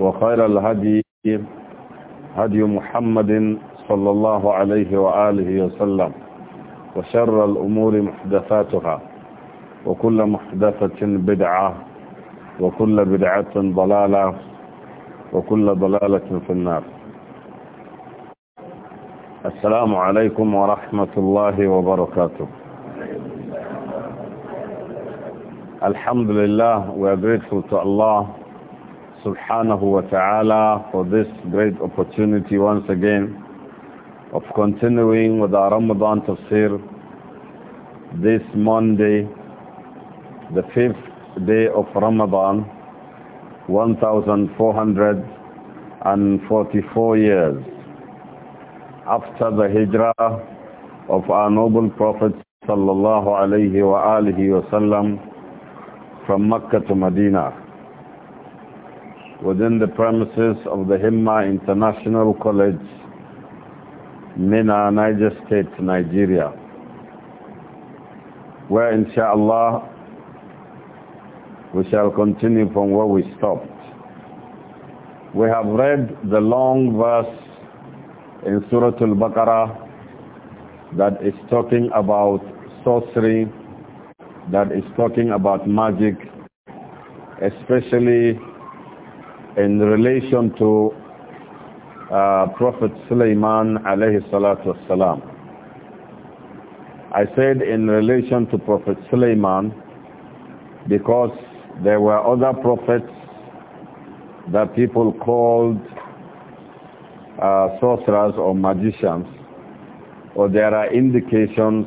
وخير الهدي هدي محمد صلى الله عليه وآله وسلم وشر الأمور محدثاتها وكل محدثة بدعة وكل بدعة ضلالة وكل ضلالة في النار السلام عليكم ورحمة الله وبركاته لله we are grateful to Allah subhanahu wa ta'ala for this great opportunity once again of continuing with our Ramadan tafsir this Monday, the fifth day of Ramadan, 1444 years after the hijrah of our noble Prophet sallallahu alayhi wa alihi wa sallam from Mecca to Medina within the premises of the Himma International College, Mina, Niger State, Nigeria, where inshallah we shall continue from where we stopped. We have read the long verse in Surah Al-Baqarah that is talking about sorcery, that is talking about magic, especially in relation to uh, Prophet Sulaiman alayhi salatu wasalam. I said in relation to Prophet Sulaiman because there were other prophets that people called uh, sorcerers or magicians or there are indications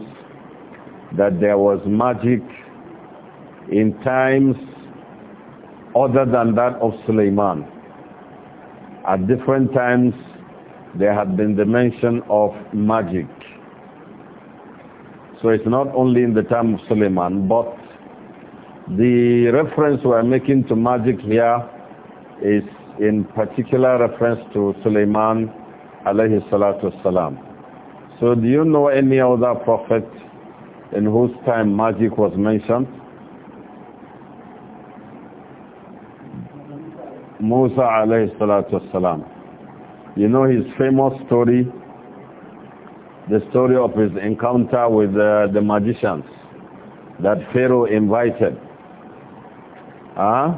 that there was magic in times other than that of Suleiman. At different times, there had been the mention of magic. So it's not only in the time of Suleiman, but the reference we are making to magic here is in particular reference to Suleiman alayhi salatu salam. So do you know any other prophet in whose time magic was mentioned? Musa alayhi salatu wasalam. You know his famous story, the story of his encounter with uh, the magicians that Pharaoh invited. Huh?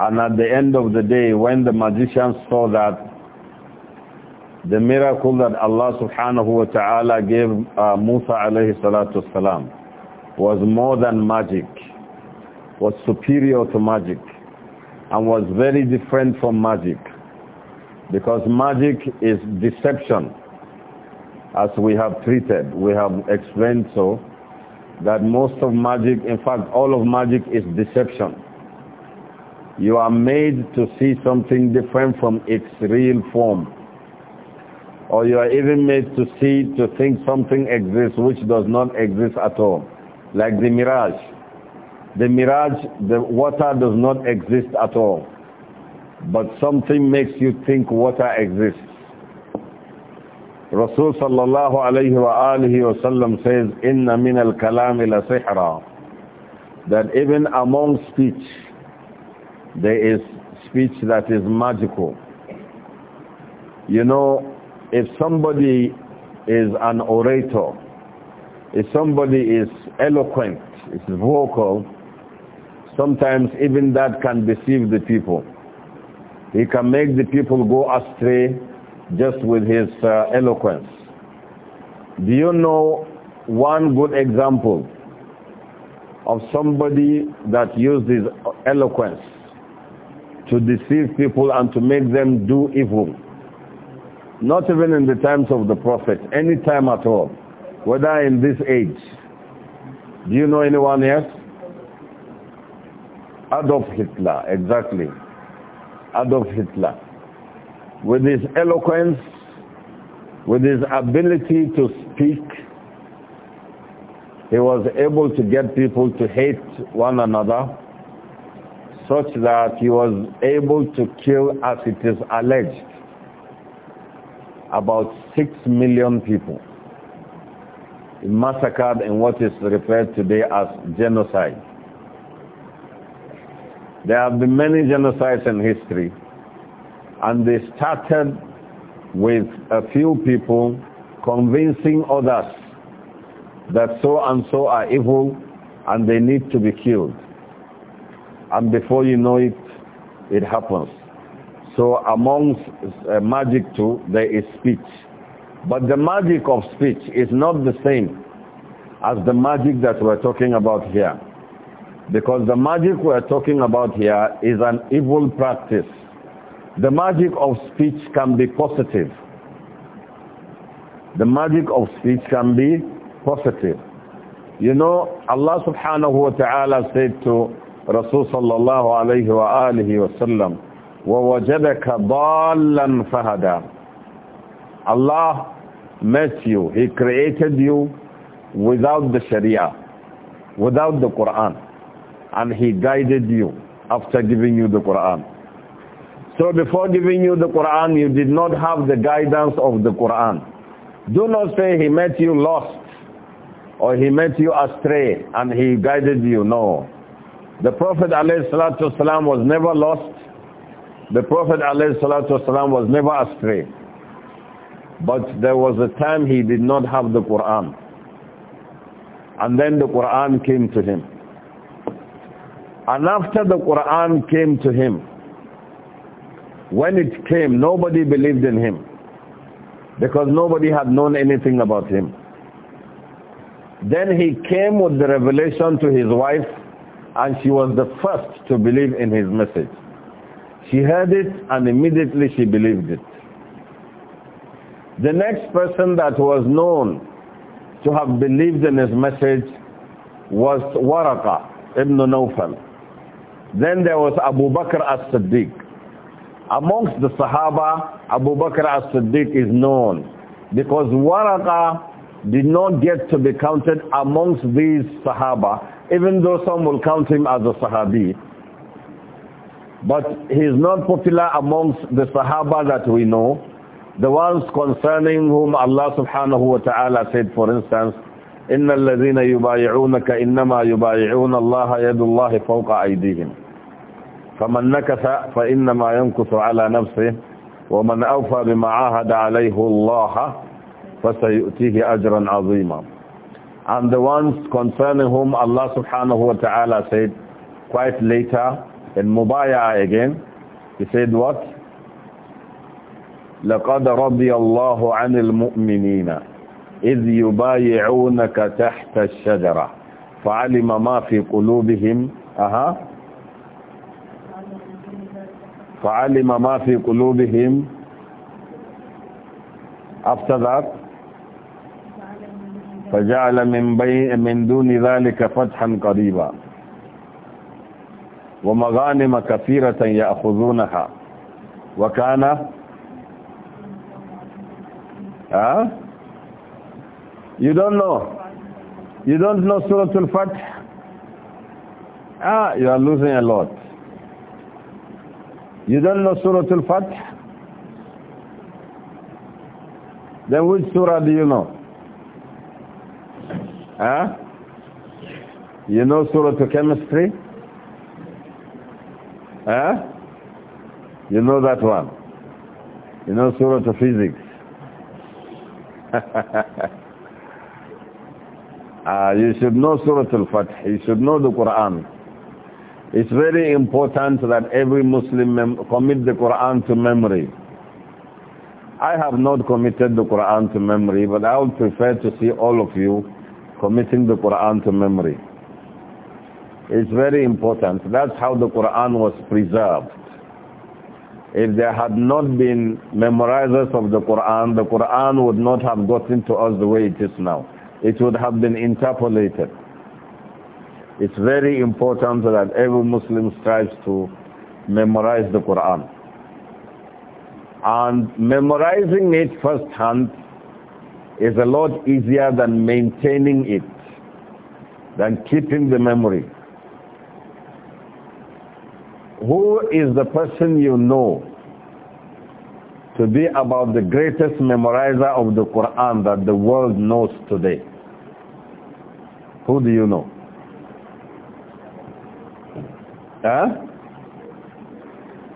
And at the end of the day, when the magicians saw that the miracle that Allah subhanahu wa ta'ala gave uh, Musa alayhi salatu wasalam was more than magic, was superior to magic and was very different from magic because magic is deception as we have treated we have explained so that most of magic in fact all of magic is deception you are made to see something different from its real form or you are even made to see to think something exists which does not exist at all like the mirage the mirage, the water does not exist at all. But something makes you think water exists. Rasul sallallahu alayhi wa alihi wa sallam says, Inna min al-kalami la sihra. That even among speech, there is speech that is magical. You know, if somebody is an orator, if somebody is eloquent, is vocal, Sometimes even that can deceive the people. He can make the people go astray just with his uh, eloquence. Do you know one good example of somebody that used his eloquence to deceive people and to make them do evil? Not even in the times of the Prophet, any time at all, whether in this age. Do you know anyone else? Adolf Hitler, exactly. Adolf Hitler. With his eloquence, with his ability to speak, he was able to get people to hate one another such that he was able to kill, as it is alleged, about six million people. He massacred in what is referred today as genocide. There have been many genocides in history. And they started with a few people convincing others that so and so are evil and they need to be killed. And before you know it, it happens. So amongst uh, magic too, there is speech. But the magic of speech is not the same as the magic that we're talking about here. Because the magic we are talking about here is an evil practice. The magic of speech can be positive. The magic of speech can be positive. You know, Allah subhanahu wa ta'ala said to Rasul sallallahu alayhi wa alihi wa sallam, وَوَجَدَكَ ضَالًّا فَهَدًا Allah met you. He created you without the Sharia, without the Quran and he guided you after giving you the Quran. So before giving you the Quran, you did not have the guidance of the Quran. Do not say he met you lost or he met you astray and he guided you. No. The Prophet ﷺ was never lost. The Prophet ﷺ was never astray. But there was a time he did not have the Quran. And then the Quran came to him. And after the Quran came to him, when it came, nobody believed in him because nobody had known anything about him. Then he came with the revelation to his wife and she was the first to believe in his message. She heard it and immediately she believed it. The next person that was known to have believed in his message was Waraka ibn Nawfal. Then there was Abu Bakr as-Siddiq. Amongst the Sahaba, Abu Bakr as-Siddiq is known because Waraqa did not get to be counted amongst these Sahaba, even though some will count him as a Sahabi. But he is not popular amongst the Sahaba that we know, the ones concerning whom Allah subhanahu wa ta'ala said, for instance, إن الذين يبايعونك إنما يبايعون الله يد الله فوق أيديهم فمن نكث فإنما ينكث على نفسه ومن أوفى بما عاهد عليه الله فسيؤتيه أجرا عظيما And the ones concerning whom Allah subhanahu wa ta'ala said quite later in Mubayah again, he said what? لَقَدْ رَضِيَ اللَّهُ عَنِ الْمُؤْمِنِينَ إذ يبايعونك تحت الشجرة فعلم ما في قلوبهم أها فعلم ما في قلوبهم after that فجعل من بي من دون ذلك فتحا قريبا ومغانم كثيرة يأخذونها وكان ها أه؟ You don't know. You don't know Surah Al-Fatih. Ah, you are losing a lot. You don't know Surah Al-Fatih? Then which surah do you know? Huh? You know Surah to Chemistry? Huh? You know that one. You know Surah to Physics. Uh, you should know Surah Al-Fatih. You should know the Quran. It's very important that every Muslim commit the Quran to memory. I have not committed the Quran to memory, but I would prefer to see all of you committing the Quran to memory. It's very important. That's how the Quran was preserved. If there had not been memorizers of the Quran, the Quran would not have gotten to us the way it is now it would have been interpolated. It's very important that every Muslim strives to memorize the Quran. And memorizing it firsthand is a lot easier than maintaining it, than keeping the memory. Who is the person you know to be about the greatest memorizer of the Quran that the world knows today. Who do you know? Huh?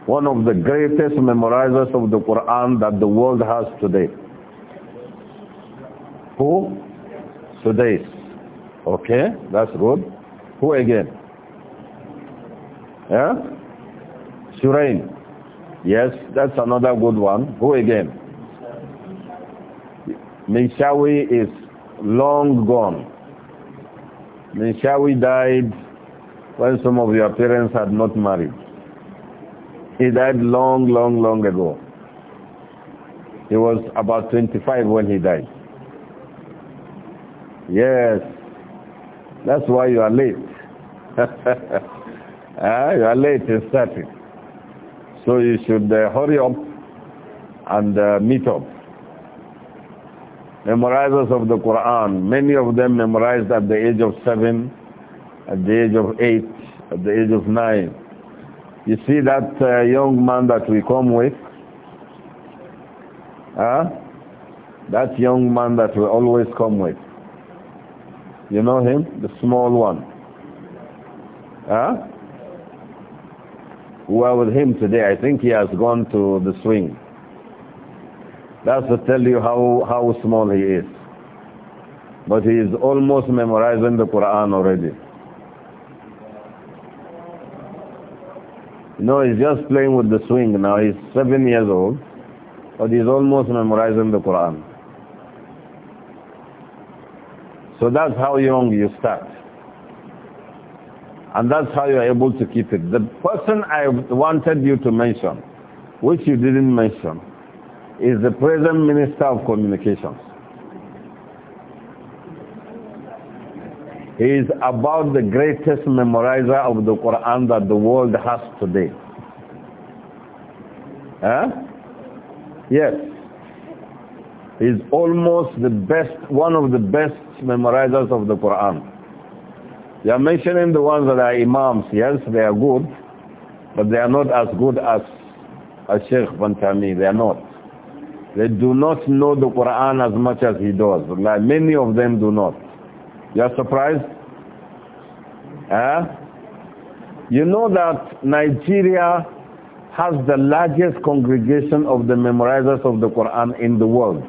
One of the greatest memorizers of the Quran that the world has today. Who? Today. Okay, that's good. Who again? Yeah? Surain. Yes, that's another good one. Who again? Minshawi is long gone. Minshawi died when some of your parents had not married. He died long, long, long ago. He was about 25 when he died. Yes. That's why you are late. Ah, you are late in starting. So you should uh, hurry up and uh, meet up. Memorizers of the Quran, many of them memorized at the age of seven, at the age of eight, at the age of nine. You see that uh, young man that we come with? Huh? That young man that we always come with. You know him? The small one. Huh? are with him today. I think he has gone to the swing. That's to tell you how, how small he is. But he is almost memorizing the Quran already. No, he's just playing with the swing now. He's seven years old, but he's almost memorizing the Quran. So that's how young you start. And that's how you're able to keep it. The person I wanted you to mention, which you didn't mention, is the present Minister of Communications. He is about the greatest memorizer of the Quran that the world has today. Huh? Yes. He's almost the best, one of the best memorizers of the Quran. They are mentioning the ones that are imams. Yes, they are good, but they are not as good as, a Sheikh Bantami. They are not. They do not know the Quran as much as he does. Like many of them do not. You are surprised? Huh? You know that Nigeria has the largest congregation of the memorizers of the Quran in the world.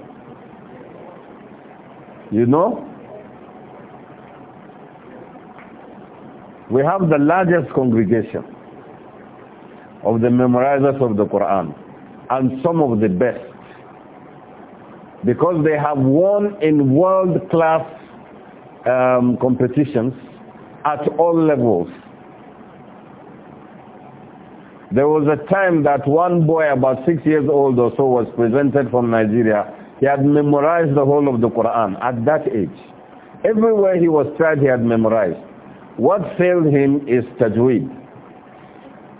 You know? We have the largest congregation of the memorizers of the Quran and some of the best because they have won in world-class um, competitions at all levels. There was a time that one boy about six years old or so was presented from Nigeria. He had memorized the whole of the Quran at that age. Everywhere he was tried, he had memorized. What failed him is tajweed.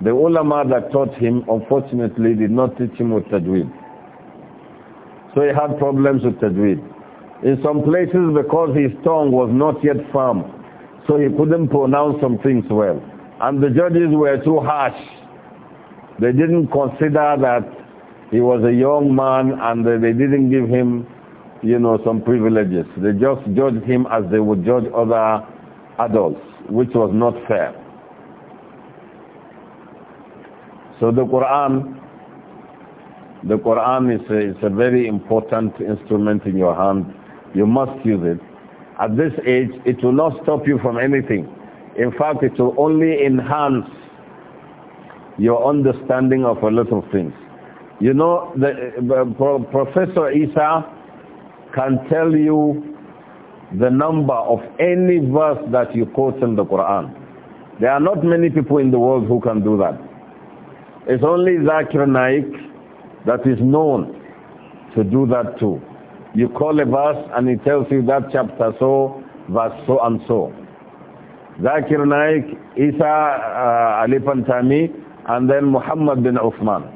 The ulama that taught him, unfortunately, did not teach him with tajweed. So he had problems with tajweed. In some places, because his tongue was not yet firm, so he couldn't pronounce some things well. And the judges were too harsh. They didn't consider that he was a young man and they didn't give him, you know, some privileges. They just judged him as they would judge other adults which was not fair. So the Quran, the Quran is a, is a very important instrument in your hand. You must use it. At this age, it will not stop you from anything. In fact, it will only enhance your understanding of a lot of things. You know, the, uh, Professor Isa can tell you the number of any verse that you quote in the Quran. There are not many people in the world who can do that. It's only Zakir Naik that is known to do that too. You call a verse and it tells you that chapter so, verse so and so. Zakir Naik, Isa uh, Ali Pantami, and then Muhammad bin Uthman.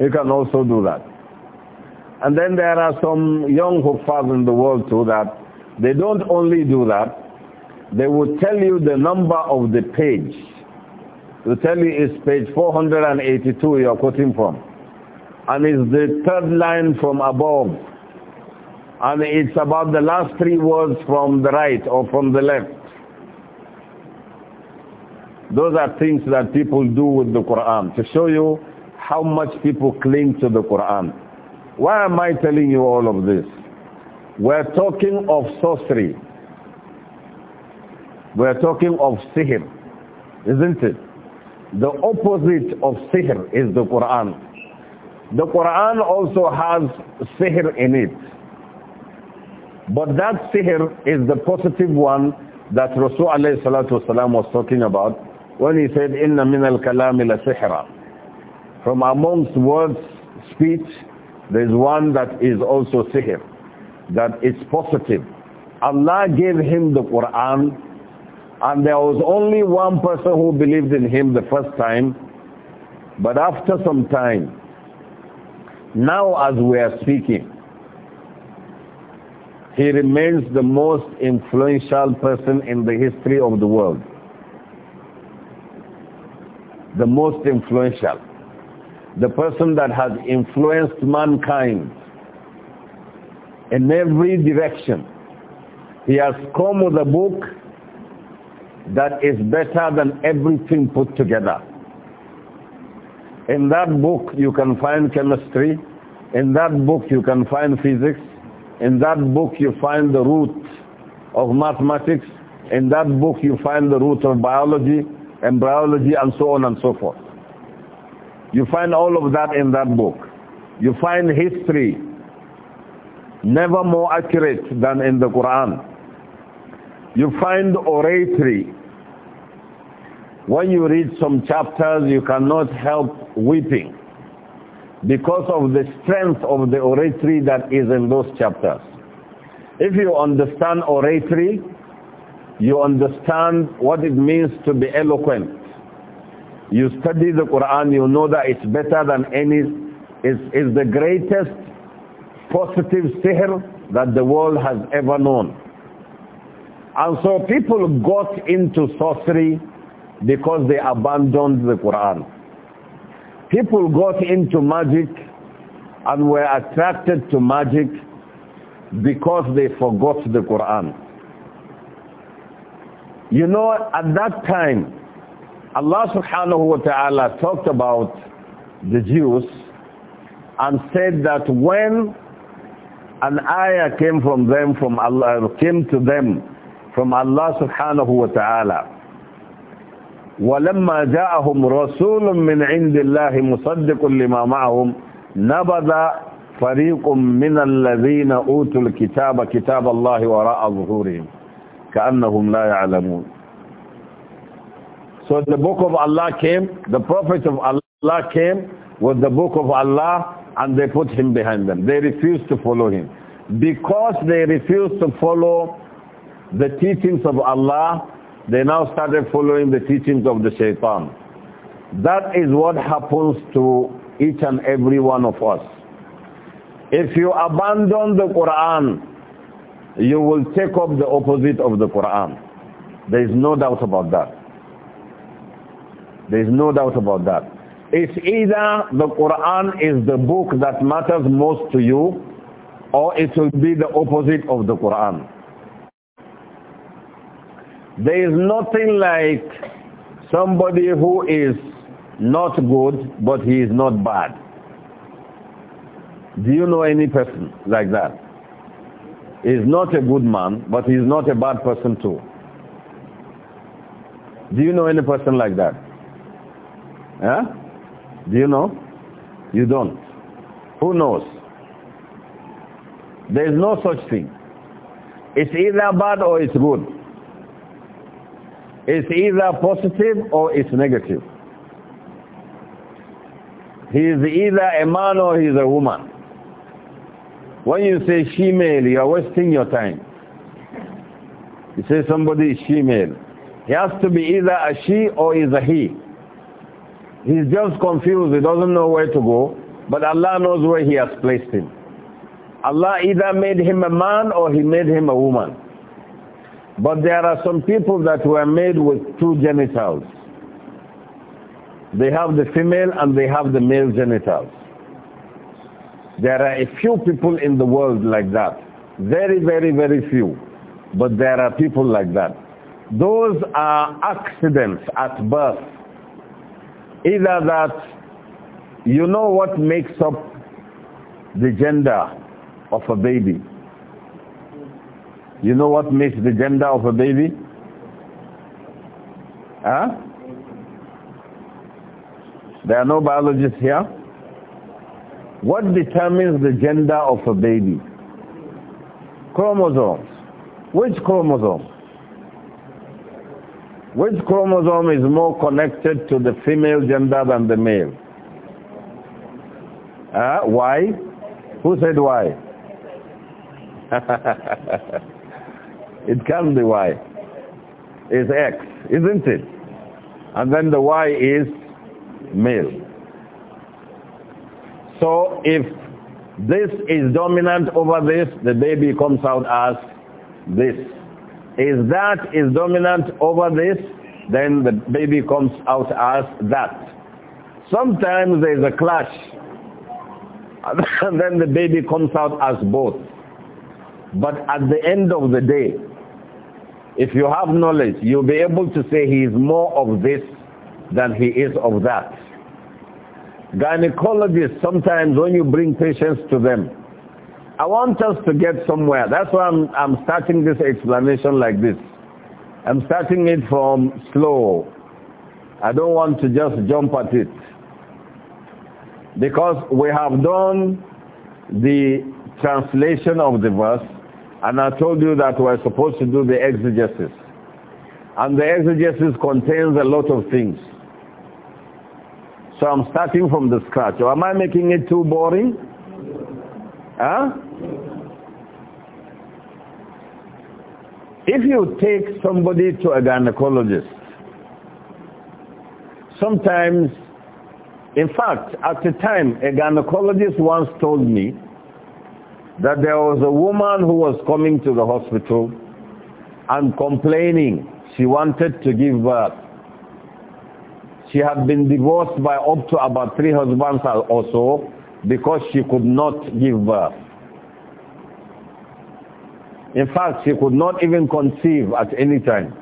You can also do that. And then there are some young hufas in the world too that they don't only do that, they will tell you the number of the page. They'll tell you it's page 482 you're quoting from. And it's the third line from above. And it's about the last three words from the right or from the left. Those are things that people do with the Quran to show you how much people cling to the Quran. Why am I telling you all of this? We're talking of sorcery. We're talking of sihr, isn't it? The opposite of sihr is the Quran. The Quran also has sihr in it. But that sihr is the positive one that Rasulullah was talking about when he said, Inna min al kalami la sihra. From amongst words, speech, there is one that is also sihr, that is positive. Allah gave him the Quran, and there was only one person who believed in him the first time, but after some time, now as we are speaking, he remains the most influential person in the history of the world. The most influential the person that has influenced mankind in every direction. He has come with a book that is better than everything put together. In that book you can find chemistry, in that book you can find physics, in that book you find the root of mathematics, in that book you find the root of biology, embryology and so on and so forth. You find all of that in that book. You find history never more accurate than in the Quran. You find oratory. When you read some chapters, you cannot help weeping because of the strength of the oratory that is in those chapters. If you understand oratory, you understand what it means to be eloquent. You study the Quran, you know that it's better than any, it's, the greatest positive sihr that the world has ever known. And so people got into sorcery because they abandoned the Quran. People got into magic and were attracted to magic because they forgot the Quran. You know, at that time, Allah subhanahu wa ta'ala talked about the Jews and said that when an ayah came from them from Allah came to them from Allah subhanahu wa ta'ala ولما جاءهم رسول من عند الله مصدق لما معهم نبذ فريق من الذين اوتوا الكتاب كتاب الله وراء ظهورهم كانهم لا يعلمون so the book of Allah came, the prophet of Allah came with the book of Allah and they put him behind them. They refused to follow him. Because they refused to follow the teachings of Allah, they now started following the teachings of the shaitan. That is what happens to each and every one of us. If you abandon the Quran, you will take up the opposite of the Quran. There is no doubt about that. There is no doubt about that. It's either the Quran is the book that matters most to you, or it will be the opposite of the Quran. There is nothing like somebody who is not good, but he is not bad. Do you know any person like that? He's not a good man, but he's not a bad person too. Do you know any person like that? Huh? Do you know? You don't. Who knows? There is no such thing. It's either bad or it's good. It's either positive or it's negative. He is either a man or he is a woman. When you say male, you are wasting your time. You say somebody is male. He has to be either a she or is a he. He's just confused. He doesn't know where to go. But Allah knows where He has placed him. Allah either made him a man or He made him a woman. But there are some people that were made with two genitals. They have the female and they have the male genitals. There are a few people in the world like that. Very, very, very few. But there are people like that. Those are accidents at birth. Either that you know what makes up the gender of a baby. You know what makes the gender of a baby? Huh? There are no biologists here. What determines the gender of a baby? Chromosomes. Which chromosome? Which chromosome is more connected to the female gender than the male? Uh, why? Who said why? it can be Y. It's X, isn't it? And then the Y is male. So if this is dominant over this, the baby comes out as this. Is that is dominant over this, then the baby comes out as that. Sometimes there is a clash, and then the baby comes out as both. But at the end of the day, if you have knowledge, you'll be able to say he is more of this than he is of that. Gynecologists, sometimes when you bring patients to them, I want us to get somewhere. That's why I'm, I'm starting this explanation like this. I'm starting it from slow. I don't want to just jump at it. Because we have done the translation of the verse, and I told you that we're supposed to do the exegesis. And the exegesis contains a lot of things. So I'm starting from the scratch. Or am I making it too boring? Huh? If you take somebody to a gynecologist, sometimes, in fact, at the time, a gynecologist once told me that there was a woman who was coming to the hospital and complaining she wanted to give birth. She had been divorced by up to about three husbands or so, because she could not give birth. In fact, she could not even conceive at any time.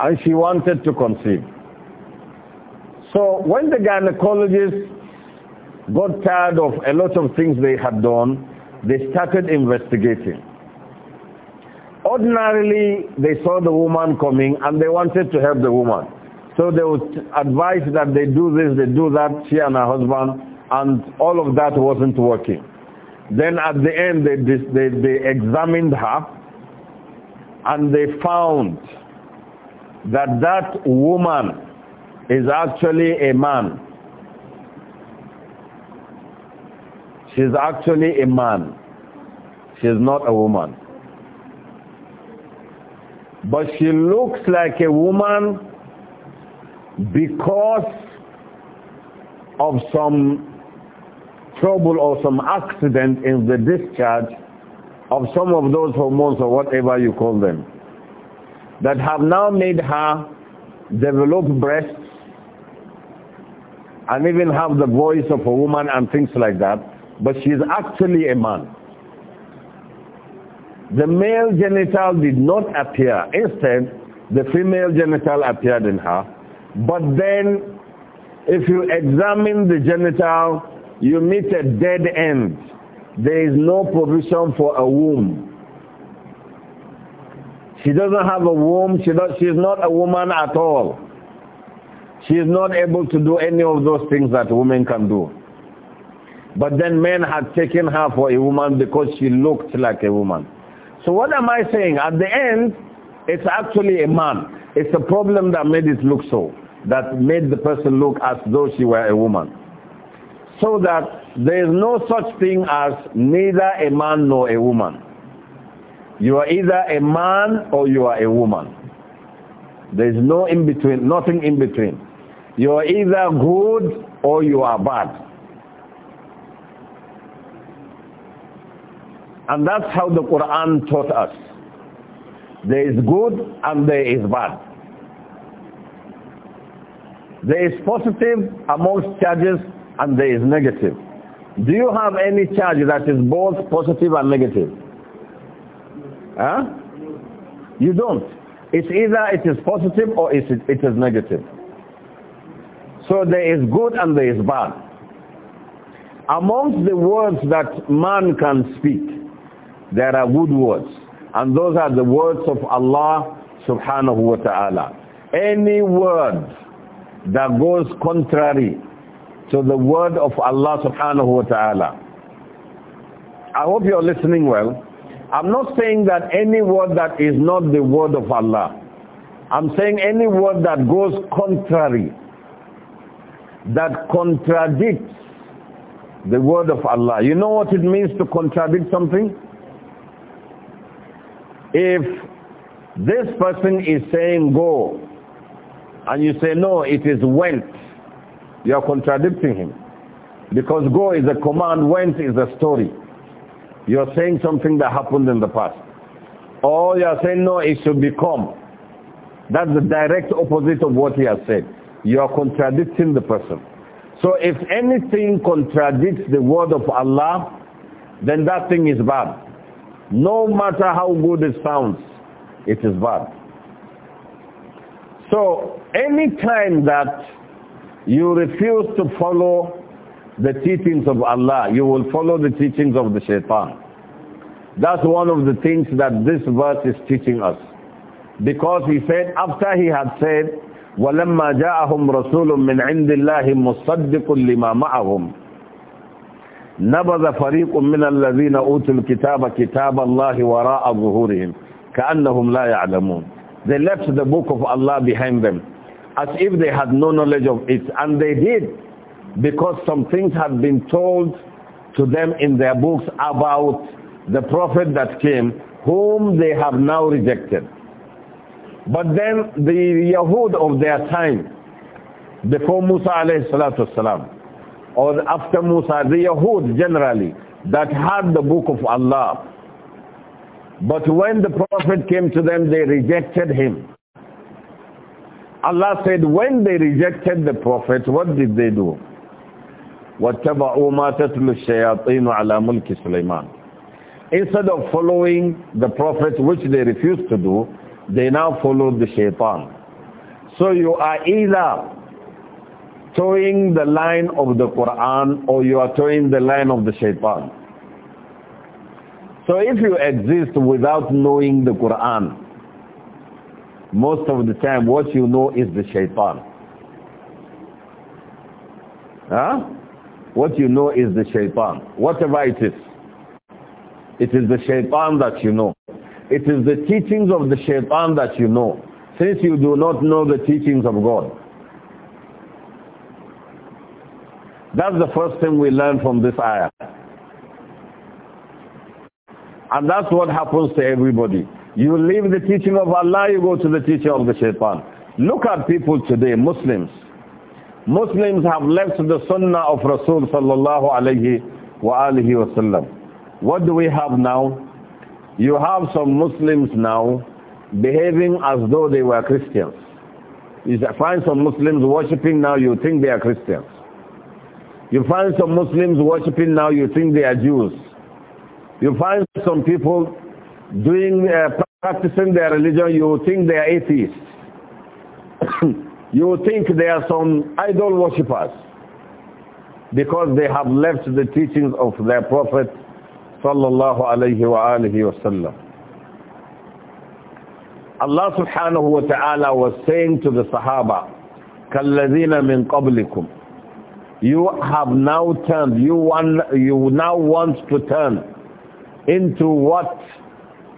And she wanted to conceive. So when the gynecologists got tired of a lot of things they had done, they started investigating. Ordinarily, they saw the woman coming and they wanted to help the woman. So they would advise that they do this, they do that, she and her husband, and all of that wasn't working. Then at the end, they, they, they examined her and they found that that woman is actually a man. She's actually a man. She's not a woman. But she looks like a woman because of some trouble or some accident in the discharge of some of those hormones or whatever you call them that have now made her develop breasts and even have the voice of a woman and things like that, but she's actually a man. The male genital did not appear. Instead, the female genital appeared in her. But then, if you examine the genital you meet a dead end. There is no provision for a womb. She doesn't have a womb. She not, she's not a woman at all. She is not able to do any of those things that women can do. But then men had taken her for a woman because she looked like a woman. So what am I saying? At the end, it's actually a man. It's a problem that made it look so, that made the person look as though she were a woman. So that there is no such thing as neither a man nor a woman. You are either a man or you are a woman. There is no in between, nothing in between. You are either good or you are bad. And that's how the Quran taught us. There is good and there is bad. There is positive amongst charges and there is negative. Do you have any charge that is both positive and negative? Huh? You don't. It's either it is positive or it is, it is negative. So there is good and there is bad. Amongst the words that man can speak, there are good words. And those are the words of Allah subhanahu wa ta'ala. Any word that goes contrary to the word of Allah subhanahu wa ta'ala. I hope you're listening well. I'm not saying that any word that is not the word of Allah. I'm saying any word that goes contrary, that contradicts the word of Allah. You know what it means to contradict something? If this person is saying go, and you say no, it is went, you are contradicting him. Because go is a command, went is a story. You are saying something that happened in the past. Or you are saying, no, it should become. That's the direct opposite of what he has said. You are contradicting the person. So if anything contradicts the word of Allah, then that thing is bad. No matter how good it sounds, it is bad. So any time that you refuse to follow the teachings of Allah, you will follow the teachings of the shaitan. That's one of the things that this verse is teaching us. Because he said, after he had said, وَلَمَّا جَاءَهُمْ رَسُولٌ مِّنْ عِنْدِ اللَّهِ مُصَدِّقٌ لِمَا مَعَهُمْ نَبَذَ فَرِيقٌ مِّنَ الَّذِينَ أُوتُوا الْكِتَابَ كِتَابَ اللَّهِ وَرَاءَ ظُهُورِهِمْ كَأَنَّهُمْ لَا يَعْلَمُونَ They left the book of Allah behind them as if they had no knowledge of it. And they did, because some things had been told to them in their books about the prophet that came, whom they have now rejected. But then the Yahud of their time, before Musa alayhi salatu wasalam, or after Musa, the Yahud generally, that had the book of Allah. But when the Prophet came to them, they rejected him. Allah said, when they rejected the Prophet, what did they do? وَاتَّبَعُوا مَا تَتْلُ الشَّيَاطِينُ عَلَى مُلْكِ سُلَيْمَانَ Instead of following the Prophet, which they refused to do, they now followed the shaitan. So you are either towing the line of the Quran or you are towing the line of the shaitan. So if you exist without knowing the Quran, most of the time what you know is the shaitan. Huh? What you know is the shaitan. Whatever it is. It is the shaitan that you know. It is the teachings of the shaitan that you know. Since you do not know the teachings of God. That's the first thing we learn from this ayah. And that's what happens to everybody. You leave the teaching of Allah, you go to the teaching of the shaitan. Look at people today, Muslims. Muslims have left the sunnah of Rasul sallallahu alayhi wa alihi What do we have now? You have some Muslims now behaving as though they were Christians. You find some Muslims worshipping now, you think they are Christians. You find some Muslims worshipping now, you think they are Jews. You find some people doing uh, practicing their religion, you think they are atheists. you think they are some idol worshippers because they have left the teachings of their prophet sallallahu alayhi wa alihi Allah subhanahu wa ta'ala was saying to the Sahaba, كَالَّذِينَ مِنْ قَبْلِكُمْ You have now turned, you, want, you now want to turn into what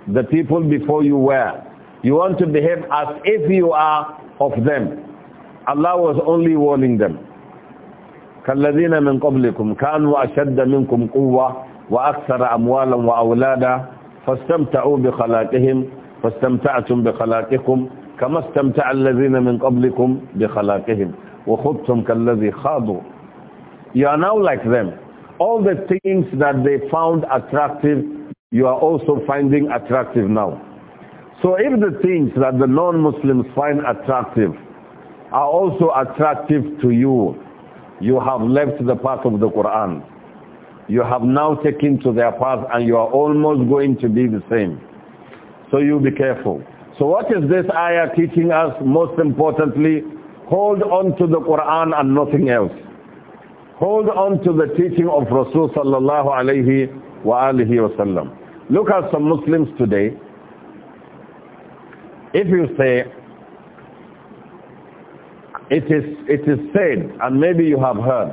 the people before you were. You want to behave as if you are of them. Allah was only warning them. كالذين من قبلكم كانوا أشد منكم قوة وأكثر أموالا وأولادا فاستمتعوا بخلاقهم فاستمتعتم بخلاقكم كما استمتع الذين من قبلكم بخلاقهم كالذي خاضوا You are now like them. All the things that they found attractive you are also finding attractive now. So if the things that the non-Muslims find attractive are also attractive to you, you have left the path of the Quran. You have now taken to their path and you are almost going to be the same. So you be careful. So what is this ayah teaching us? Most importantly, hold on to the Quran and nothing else. Hold on to the teaching of Rasul sallallahu alayhi wa alihi wa sallam. Look at some Muslims today. If you say, it is, it is said, and maybe you have heard,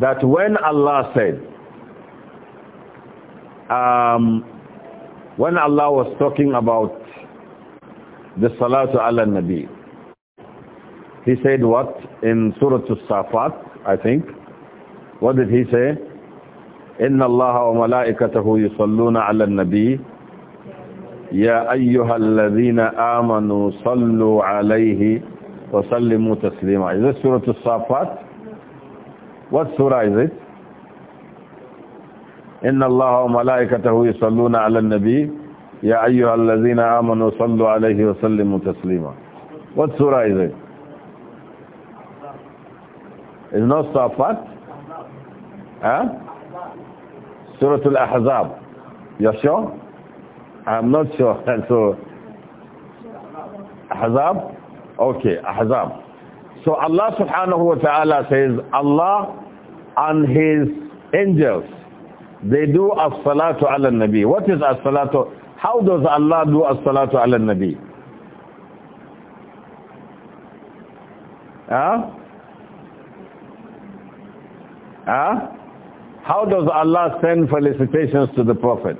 that when Allah said, um, when Allah was talking about the Salatu ala Nabi, he said what? In Surah Al-Safat, I think. What did he say? إن الله وملائكته يصلون على النبي يا أيها الذين آمنوا صلوا عليه وسلموا تسليما Is this Surah والسورة إذا What surah is it? إن الله وملائكته يصلون على النبي يا أيها الذين آمنوا صلوا عليه وسلموا تسليما What surah is it? ها أه؟ Surah Al-Ahzab. You're sure? I'm not sure. so, Ahzab? Okay, Ahzab. So Allah subhanahu wa ta'ala says, Allah and his angels, they do as-salatu ala nabi. What is as-salatu? How does Allah do as-salatu ala nabi? Huh? Huh? How does Allah send felicitations to the Prophet?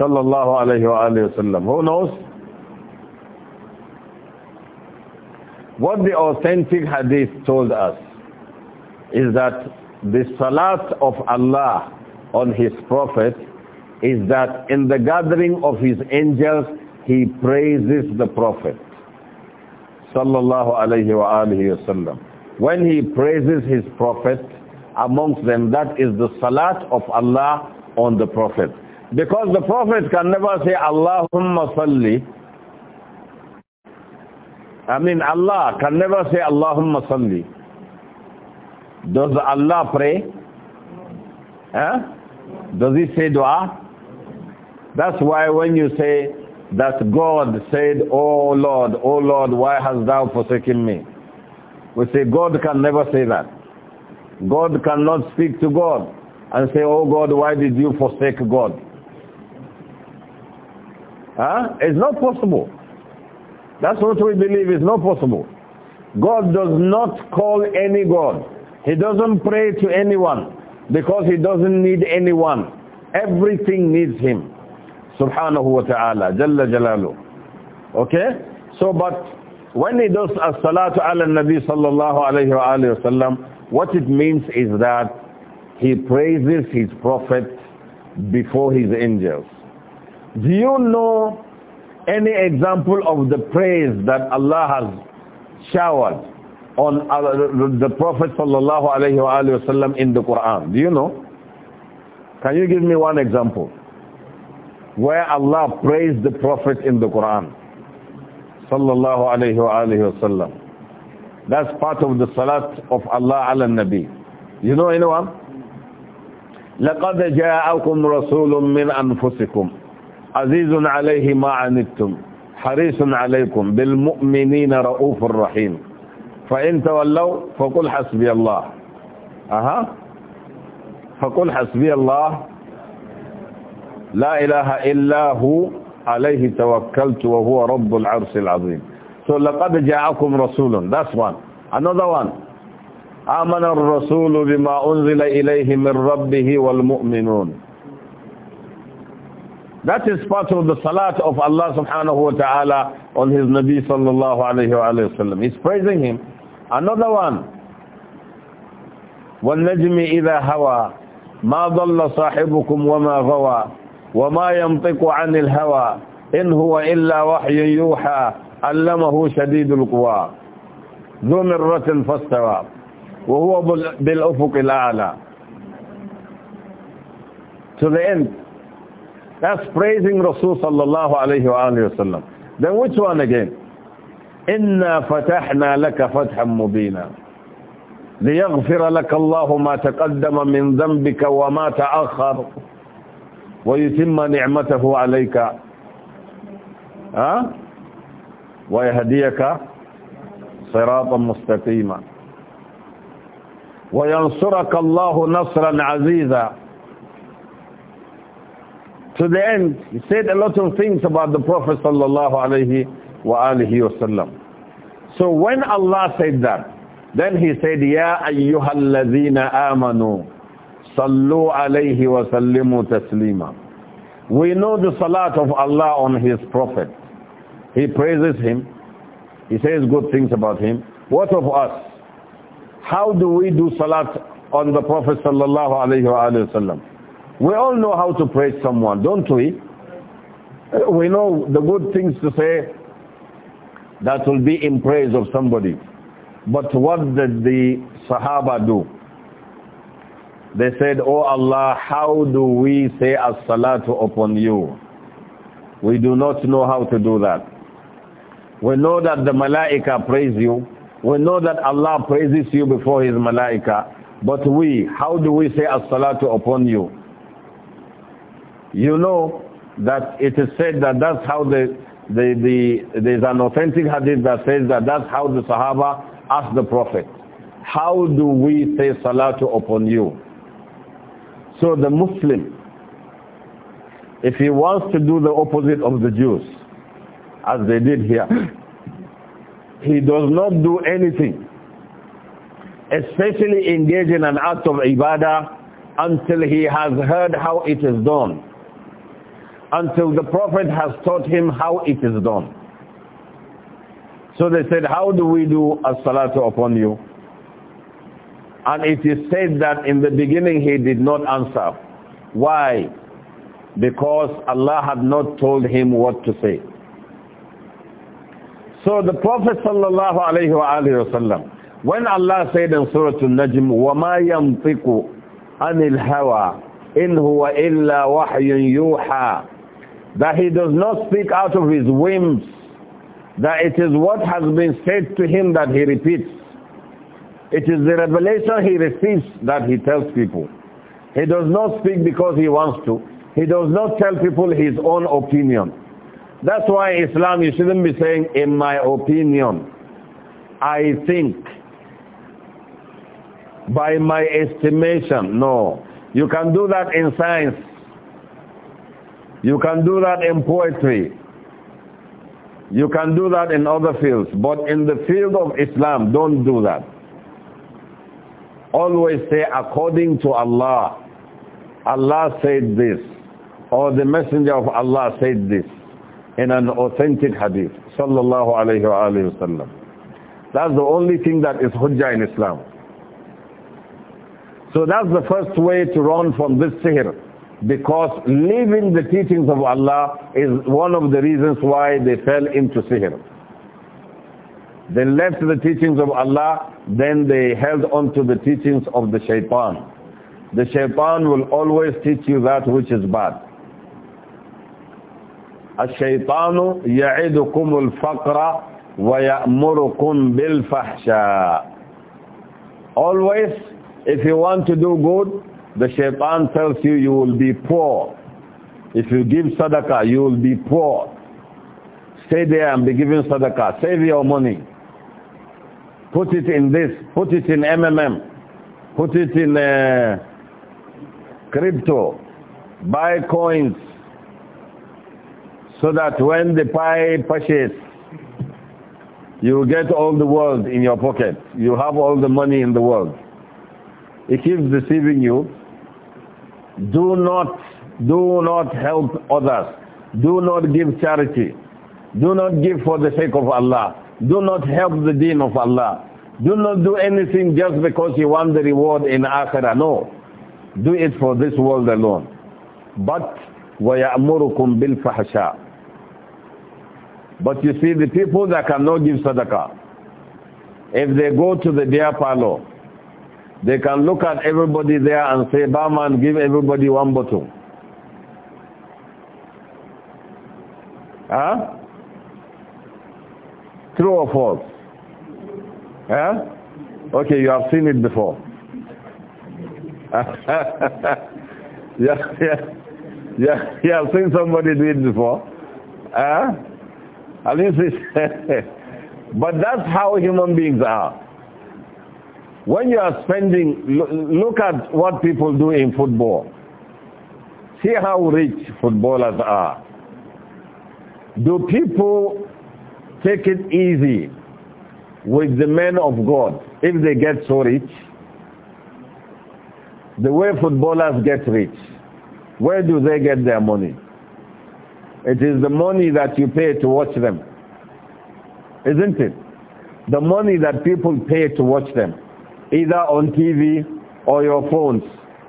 Sallallahu alayhi wasallam. Who knows? What the authentic hadith told us is that the salat of Allah on his prophet is that in the gathering of his angels he praises the prophet sallallahu alaihi wasallam when he praises his prophet amongst them. That is the salat of Allah on the Prophet. Because the Prophet can never say, Allahumma salli. I mean, Allah can never say, Allahumma salli. Does Allah pray? Huh? Does he say dua? That's why when you say that God said, Oh Lord, Oh Lord, why hast thou forsaken me? We say God can never say that. God cannot speak to God and say, oh God, why did you forsake God? Huh? It's not possible. That's what we believe is not possible. God does not call any God. He doesn't pray to anyone because he doesn't need anyone. Everything needs him. Subhanahu wa ta'ala. Jalla jalalu. Okay? So but when he does as-salatu ala nabi sallallahu alayhi wa sallam, what it means is that he praises his prophet before his angels. Do you know any example of the praise that Allah has showered on uh, the Prophet sallallahu alaihi wasallam in the Quran? Do you know? Can you give me one example where Allah praised the Prophet in the Quran? Sallallahu alaihi wasallam. That's part of the salat of Allah ala Nabi. You know anyone? لَقَدْ جَاءَكُمْ رَسُولٌ مِّنْ أَنفُسِكُمْ عَزِيزٌ عَلَيْهِ مَا عَنِدْتُمْ حَرِيصٌ عَلَيْكُمْ بِالْمُؤْمِنِينَ رَؤُوفٌ رَحِيمٌ فَإِن تَوَلَّوْا فَقُلْ حَسْبِيَ اللَّهِ أها فَقُلْ حَسْبِيَ اللَّهِ لا إله إلا هو عليه توكلت وهو رب العرس العظيم So لَقَدْ جَاءَكُمْ رَسُولٌ That's one. Another one. آمَنَ الرَّسُولُ بِمَا أُنزِلَ إِلَيْهِ مِنْ رَبِّهِ وَالْمُؤْمِنُونَ That is part of the salat of Allah subhanahu wa ta'ala on his Nabi sallallahu alayhi wa sallam. He's praising him. Another one. والنجم إذا هوى ما ضل صاحبكم وما غوى وما ينطق عن الهوى إن هو إلا وحي يوحى علمه شديد القوى ذو مرة فاستوى وهو بالأفق الأعلى to the end that's praising Rasul sallallahu alayhi wa sallam then which one again إنا فتحنا لك فتحا مبينا ليغفر لك الله ما تقدم من ذنبك وما تأخر ويتم نعمته عليك ها ويهديك صراطا مستقيما وينصرك الله نصرا عزيزا to the end he said a lot of things about the prophet sallallahu alayhi wa alihi sallam. so when allah said that then he said ya أَيُّهَا amanu sallu صَلُّوا wa sallimu taslima we know the salat of allah on his prophet He praises him. He says good things about him. What of us? How do we do salat on the Prophet sallallahu alayhi wa sallam? We all know how to praise someone, don't we? Uh, we know the good things to say that will be in praise of somebody. But what did the Sahaba do? They said, Oh Allah, how do we say as-salatu upon you? We do not know how to do that. We know that the malaika praise you. We know that Allah praises you before his malaika. But we, how do we say as-salatu upon you? You know that it is said that that's how the, the, the, there's an authentic hadith that says that that's how the Sahaba asked the Prophet, how do we say salatu upon you? So the Muslim, if he wants to do the opposite of the Jews, as they did here. He does not do anything, especially engage in an act of ibadah until he has heard how it is done, until the Prophet has taught him how it is done. So they said, how do we do as-salatu upon you? And it is said that in the beginning he did not answer. Why? Because Allah had not told him what to say. So the Prophet sallallahu alayhi wa when Allah said in Surah Al-Najm, وَمَا يَنْطِقُ عَنِ الْهَوَىٰ إِنْ هُوَ إِلَّا وَحْيٌ يُوحَىٰ That he does not speak out of his whims, that it is what has been said to him that he repeats. It is the revelation he receives that he tells people. He does not speak because he wants to. He does not tell people his own opinion. That's why Islam, you shouldn't be saying, in my opinion, I think, by my estimation. No. You can do that in science. You can do that in poetry. You can do that in other fields. But in the field of Islam, don't do that. Always say, according to Allah. Allah said this. Or the messenger of Allah said this in an authentic hadith sallallahu alayhi wa sallam that's the only thing that is hujjah in Islam so that's the first way to run from this sihr because leaving the teachings of Allah is one of the reasons why they fell into sihr they left the teachings of Allah then they held on to the teachings of the shaitan the shaitan will always teach you that which is bad الشيطان يعدكم الفقر ويأمركم بالفحشاء Always, if you want to do good, the shaitan tells you you will be poor. If you give sadaqah, you will be poor. Stay there and be giving sadaqah. Save your money. Put it in this. Put it in MMM. Put it in uh, crypto. Buy coins so that when the pie pushes, you get all the world in your pocket. You have all the money in the world. It keeps deceiving you. Do not, do not help others. Do not give charity. Do not give for the sake of Allah. Do not help the deen of Allah. Do not do anything just because you want the reward in Akhirah. No. Do it for this world alone. But وَيَأْمُرُكُمْ بِالْفَحْشَاءِ but you see, the people that cannot give sadaqah, if they go to the dear parlor, they can look at everybody there and say, Barman, give everybody one bottle. Huh? True or false? Huh? Okay, you have seen it before. yeah, yeah, yeah, you have seen somebody do it before. Huh? I mean, but that's how human beings are. When you are spending, look at what people do in football. See how rich footballers are. Do people take it easy with the men of God if they get so rich? The way footballers get rich, where do they get their money? It is the money that you pay to watch them. Isn't it? The money that people pay to watch them, either on TV or your phones.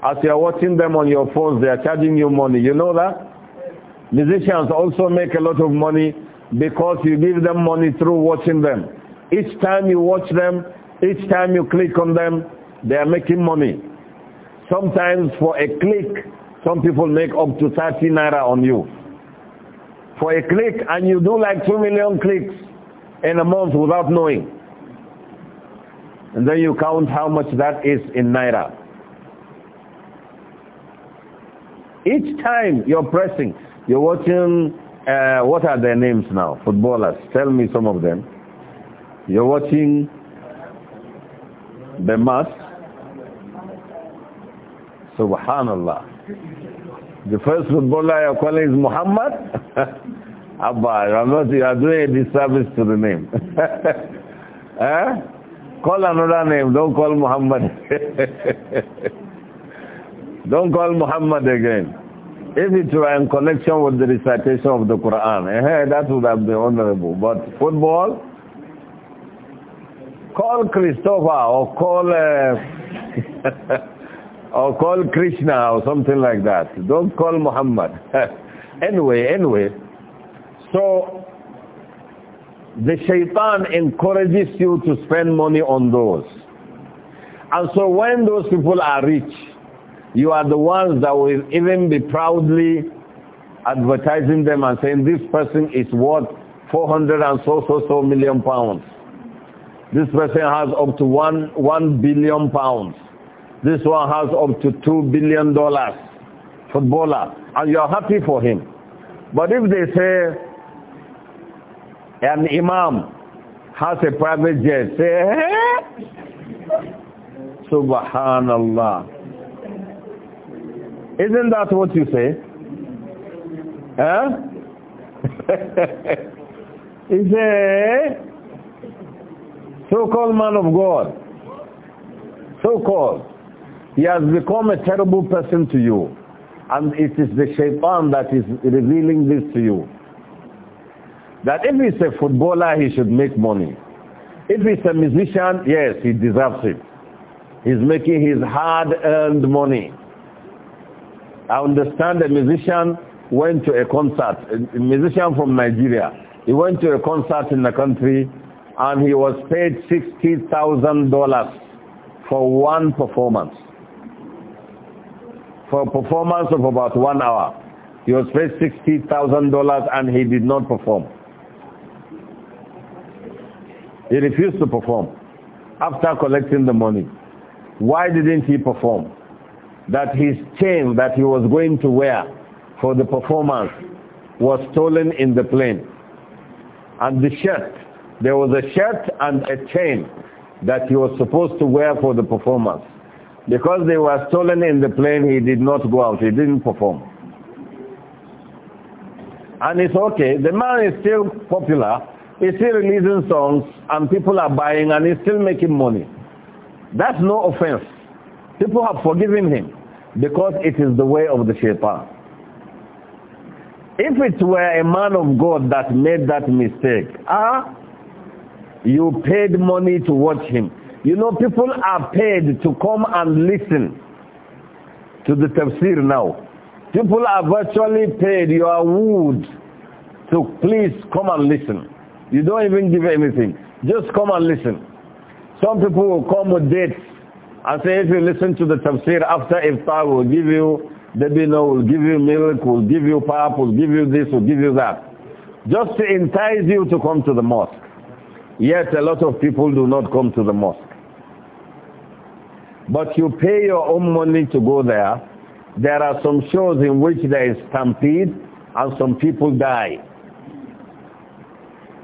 As you are watching them on your phones, they are charging you money. You know that? Musicians also make a lot of money because you give them money through watching them. Each time you watch them, each time you click on them, they are making money. Sometimes for a click, some people make up to 30 naira on you for a click and you do like 2 million clicks in a month without knowing. And then you count how much that is in Naira. Each time you're pressing, you're watching, uh, what are their names now? Footballers. Tell me some of them. You're watching the mass. Subhanallah. The first footballer you're calling is Muhammad? Abba, you are, not, you are doing a disservice to the name. eh? Call another name, don't call Muhammad. don't call Muhammad again. If it were in connection with the recitation of the Quran, eh, that would have been honorable. But football, call Christopher or call... Uh, or call Krishna or something like that. Don't call Muhammad. anyway, anyway, so the shaitan encourages you to spend money on those. And so when those people are rich, you are the ones that will even be proudly advertising them and saying this person is worth 400 and so so so million pounds. This person has up to one, one billion pounds. This one has up to $2 billion footballer, and you're happy for him. But if they say an imam has a private jet, say, eh? Subhanallah. Isn't that what you say? Huh? Is a eh? so-called man of God. So-called. He has become a terrible person to you. And it is the shaitan that is revealing this to you. That if he's a footballer, he should make money. If he's a musician, yes, he deserves it. He's making his hard-earned money. I understand a musician went to a concert, a musician from Nigeria. He went to a concert in the country and he was paid $60,000 for one performance for a performance of about one hour. He was paid $60,000 and he did not perform. He refused to perform after collecting the money. Why didn't he perform? That his chain that he was going to wear for the performance was stolen in the plane. And the shirt, there was a shirt and a chain that he was supposed to wear for the performance. Because they were stolen in the plane, he did not go out. He didn't perform. And it's okay. The man is still popular. He's still releasing songs and people are buying and he's still making money. That's no offense. People have forgiven him because it is the way of the shaitan. If it were a man of God that made that mistake, ah, you paid money to watch him. You know, people are paid to come and listen to the tafsir now. People are virtually paid. You are wooed to please come and listen. You don't even give anything. Just come and listen. Some people will come with dates and say, if you listen to the tafsir after iftar, we'll give you debino, we'll give you milk, we'll give you pap, we'll give you this, we'll give you that. Just to entice you to come to the mosque. Yet a lot of people do not come to the mosque but you pay your own money to go there, there are some shows in which there is stampede and some people die.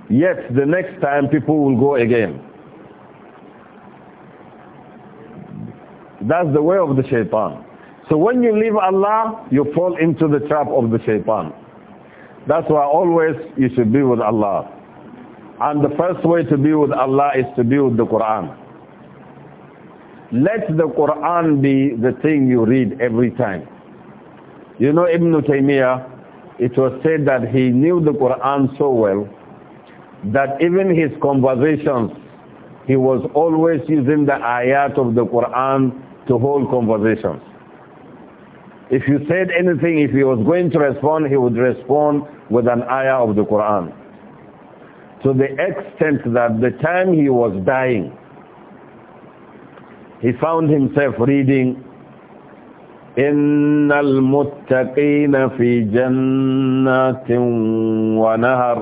Yet the next time people will go again. That's the way of the shaitan. So when you leave Allah, you fall into the trap of the shaitan. That's why always you should be with Allah. And the first way to be with Allah is to be with the Quran. Let the Quran be the thing you read every time. You know Ibn Taymiyyah, it was said that he knew the Quran so well that even his conversations, he was always using the ayat of the Quran to hold conversations. If you said anything, if he was going to respond, he would respond with an ayah of the Quran. To the extent that the time he was dying, he found himself reading Inna al-muttaqina fi jannatin wa nahar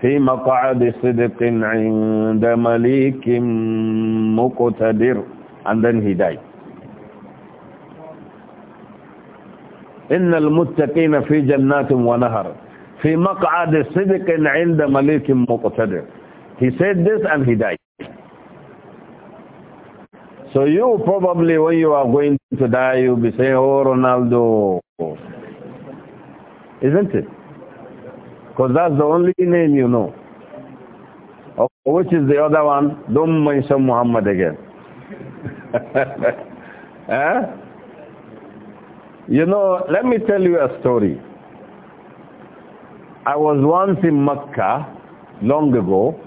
fi maq'adi sidqin 'inda malikin muqtadir and then he died Inna al-muttaqina fi jannatin wa nahar fi maq'adi sidqin 'inda malikin muqtadir he said this and he died so you probably, when you are going to die, you'll be saying, oh, Ronaldo. Isn't it? Because that's the only name you know. oh, which is the other one? Don't mention Muhammad again. eh? You know, let me tell you a story. I was once in Mecca, long ago,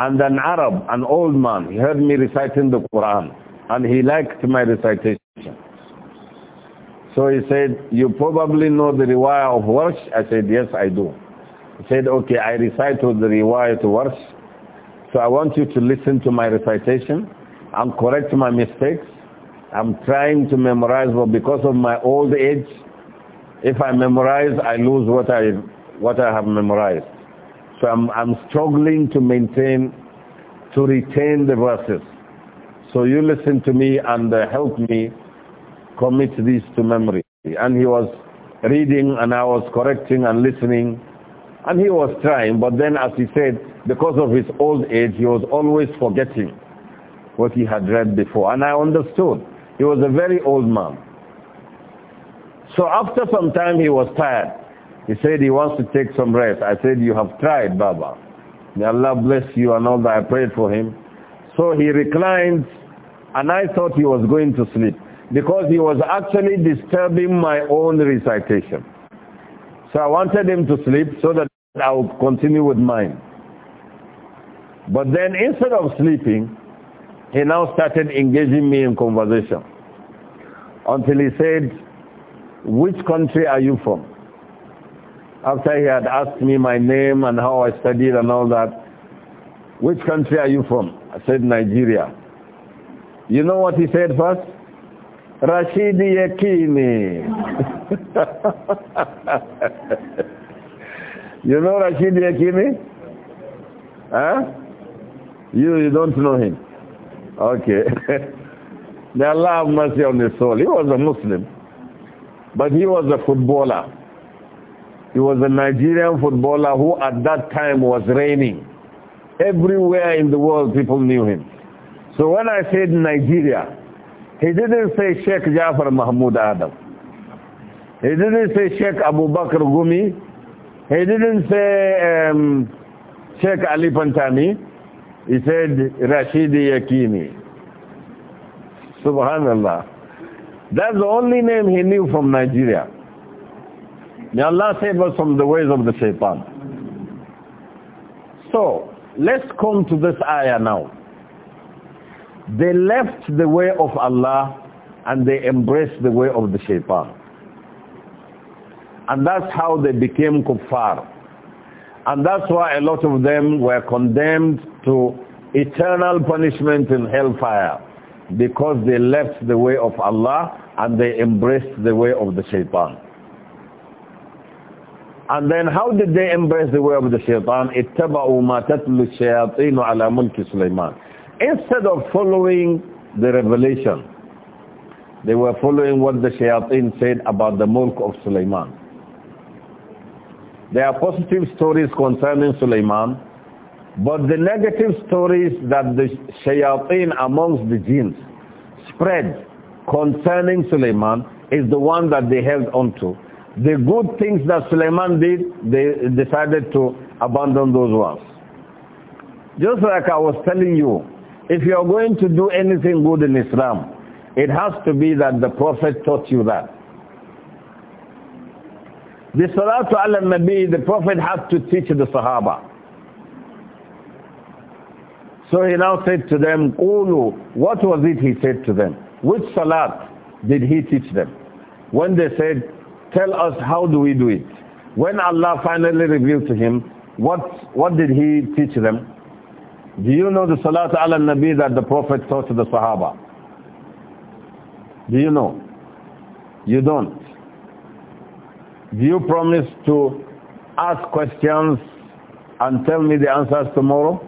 and an Arab, an old man, he heard me reciting the Quran and he liked my recitation. So he said, you probably know the riwayah of Warsh? I said, yes, I do. He said, okay, I recite the riwayah to Warsh. So I want you to listen to my recitation and correct my mistakes. I'm trying to memorize, but because of my old age, if I memorize, I lose what I, what I have memorized. So I'm, I'm struggling to maintain, to retain the verses. So you listen to me and uh, help me commit these to memory. And he was reading and I was correcting and listening. And he was trying, but then as he said, because of his old age, he was always forgetting what he had read before. And I understood. He was a very old man. So after some time, he was tired. He said he wants to take some rest. I said, you have tried, Baba. May Allah bless you and all that. I prayed for him. So he reclined and I thought he was going to sleep because he was actually disturbing my own recitation. So I wanted him to sleep so that I would continue with mine. But then instead of sleeping, he now started engaging me in conversation until he said, which country are you from? after he had asked me my name and how I studied and all that, which country are you from? I said, Nigeria. You know what he said first? Rashidi Yakini. you know Rashidi Yakini? Huh? You, you don't know him. Okay. May Allah have mercy on his soul. He was a Muslim. But he was a footballer. He was a Nigerian footballer who at that time was reigning. Everywhere in the world people knew him. So when I said Nigeria, he didn't say Sheikh Jafar Mahmoud Adam. He didn't say Sheikh Abu Bakr Gumi. He didn't say um, Sheikh Ali Pantami. He said Rashidi Yakini. Subhanallah. That's the only name he knew from Nigeria. May Allah save us from the ways of the shaitan. So, let's come to this ayah now. They left the way of Allah and they embraced the way of the shaitan. And that's how they became kuffar. And that's why a lot of them were condemned to eternal punishment in hellfire because they left the way of Allah and they embraced the way of the shaitan. And then how did they embrace the way of the shaitan? اتَّبَعُوا مَا الشَّيَاطِينُ عَلَى مُلْكِ سُلَيْمَانِ Instead of following the revelation, they were following what the shayateen said about the mulk of Sulaiman. There are positive stories concerning Sulaiman, but the negative stories that the shayateen amongst the jinns spread concerning Sulaiman is the one that they held onto the good things that Suleiman did, they decided to abandon those ones. Just like I was telling you, if you are going to do anything good in Islam, it has to be that the Prophet taught you that. The Salatu ala Nabi, the Prophet had to teach the Sahaba. So he now said to them, Qulu, what was it he said to them? Which Salat did he teach them? When they said, Tell us how do we do it? When Allah finally revealed to him, what, what did he teach them? Do you know the Salat ala Nabi that the Prophet taught to the Sahaba? Do you know? You don't. Do you promise to ask questions and tell me the answers tomorrow?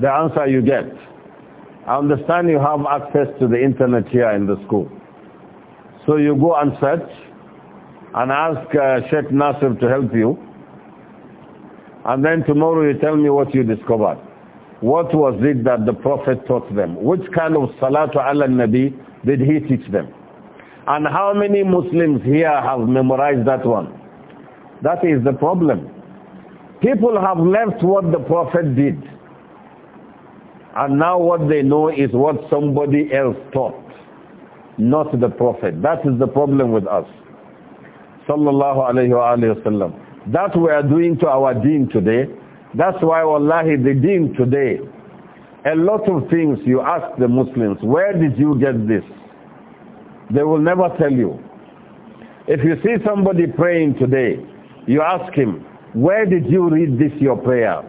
The answer you get. I understand you have access to the internet here in the school. So you go and search and ask uh, Sheikh Nasir to help you. And then tomorrow you tell me what you discovered. What was it that the Prophet taught them? Which kind of Salatu ala Nabi did he teach them? And how many Muslims here have memorized that one? That is the problem. People have left what the Prophet did. And now what they know is what somebody else taught not the Prophet. That is the problem with us. Sallallahu alayhi wa sallam. That we are doing to our deen today. That's why, wallahi, the deen today, a lot of things you ask the Muslims, where did you get this? They will never tell you. If you see somebody praying today, you ask him, where did you read this your prayer?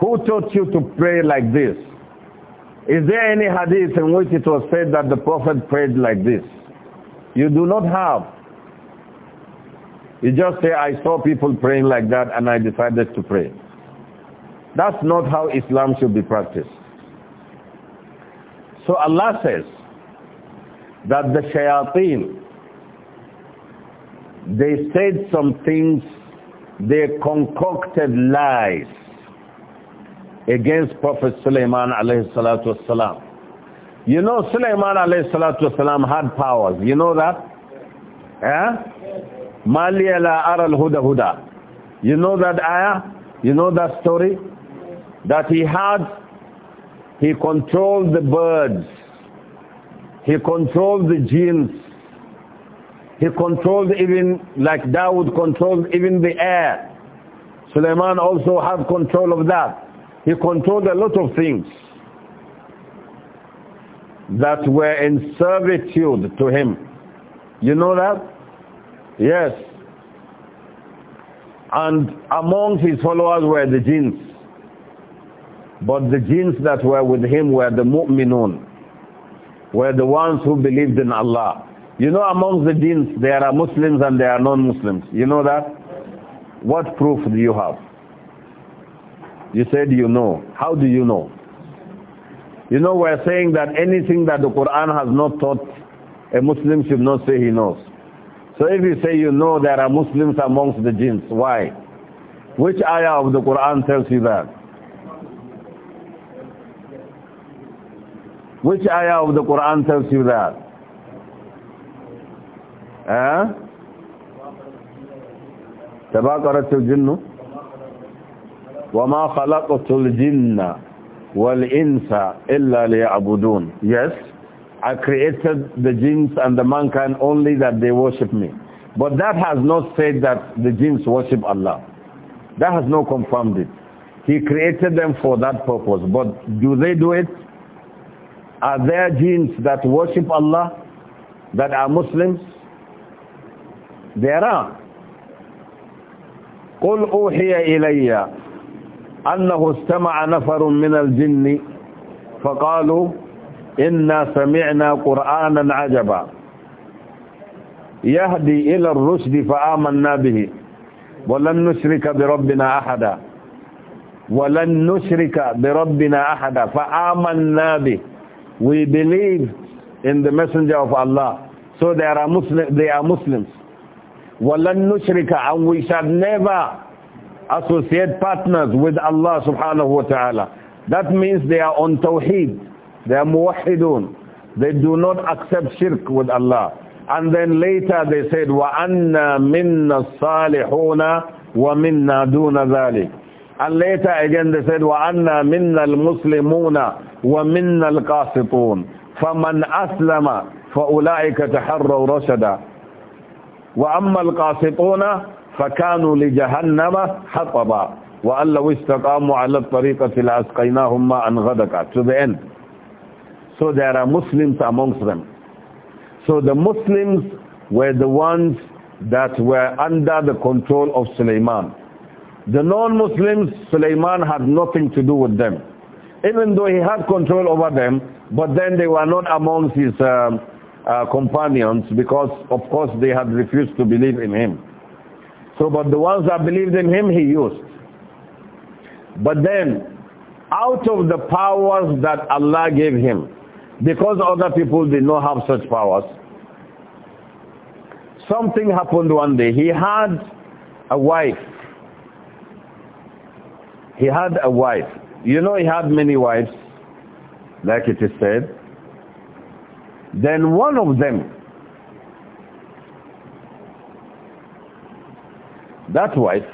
Who taught you to pray like this? Is there any hadith in which it was said that the Prophet prayed like this? You do not have. You just say, I saw people praying like that and I decided to pray. That's not how Islam should be practiced. So Allah says that the shayateen, they said some things, they concocted lies against Prophet Sulaiman alayhi salatu wasalam. You know Sulaiman alayhi salatu wasalam had powers. You know that? yeah? Mali ala aral huda huda. You know that ayah? You know that story? That he had, he controlled the birds. He controlled the genes. He controlled even, like Dawood controlled even the air. Suleiman also had control of that. He controlled a lot of things that were in servitude to him. You know that? Yes. And among his followers were the jinns. But the jinns that were with him were the mu'minun, were the ones who believed in Allah. You know among the jinns there are Muslims and there are non-Muslims. You know that? What proof do you have? You said you know. How do you know? You know, we're saying that anything that the Quran has not taught, a Muslim should not say he knows. So if you say you know there are Muslims amongst the jinns, why? Which ayah of the Quran tells you that? Which ayah of the Quran tells you that? Huh? تباكرت وَمَا خَلَقْتُ الْجِنَّ وَالْإِنسَ إِلَّا لِيَعْبُدُونَ Yes, I created the jinns and the mankind only that they worship me. But that has not said that the jinns worship Allah. That has not confirmed it. He created them for that purpose. But do they do it? Are there jinns that worship Allah, that are Muslims? There are. قل أوحي إلي أنه استمع نفر من الجن فقالوا إنا سمعنا قرآنا عجبا يهدي إلى الرشد فآمنا به ولن نشرك بربنا أحدا ولن نشرك بربنا أحدا فآمنا به we believe in the messenger of Allah so they are Muslim they are Muslims ولن نشرك and we shall never associate partners with Allah subhanahu wa ta'ala. That means they are on tawheed. They are muwahidun. They do not accept shirk with Allah. And then later they said, وَأَنَّا مِنَّا الصَّالِحُونَ وَمِنَّا دُونَ ذَلِكَ And later again they said, وَأَنَّا مِنَّا الْمُسْلِمُونَ وَمِنَّا الْقَاسِطُونَ فَمَنْ أَسْلَمَ فَأُولَئِكَ تَحَرَّوْا رَشَدًا وَأَمَّا الْقَاسِطُونَ فكانوا لجهنم حطبا وأن لو استقاموا على الطريقة لأسقيناهم to the end so there are Muslims amongst them so the Muslims were the ones that were under the control of Suleiman the non-Muslims Suleiman had nothing to do with them even though he had control over them but then they were not amongst his um, uh, companions because of course they had refused to believe in him so, but the ones that believed in him, he used. But then, out of the powers that Allah gave him, because other people did not have such powers, something happened one day. He had a wife. He had a wife. You know he had many wives, like it is said. Then one of them That wife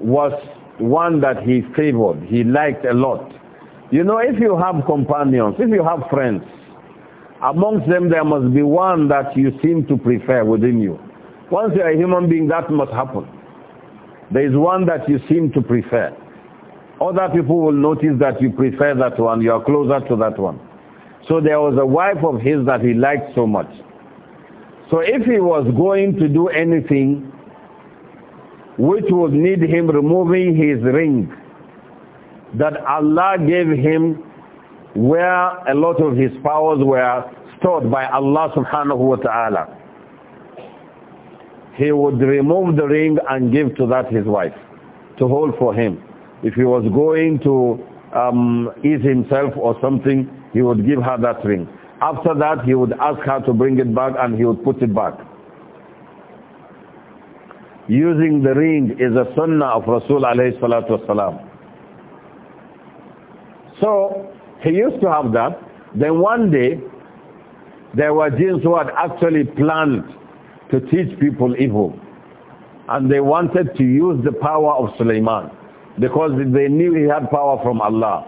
was one that he favored, he liked a lot. You know, if you have companions, if you have friends, amongst them there must be one that you seem to prefer within you. Once you are a human being, that must happen. There is one that you seem to prefer. Other people will notice that you prefer that one, you are closer to that one. So there was a wife of his that he liked so much. So if he was going to do anything which would need him removing his ring that Allah gave him where a lot of his powers were stored by Allah subhanahu wa ta'ala. He would remove the ring and give to that his wife to hold for him. If he was going to um, ease himself or something, he would give her that ring. After that, he would ask her to bring it back and he would put it back using the ring is a sunnah of Rasul alayhi salatu wasalam. So he used to have that. Then one day, there were jinns who had actually planned to teach people evil. And they wanted to use the power of Suleiman because they knew he had power from Allah.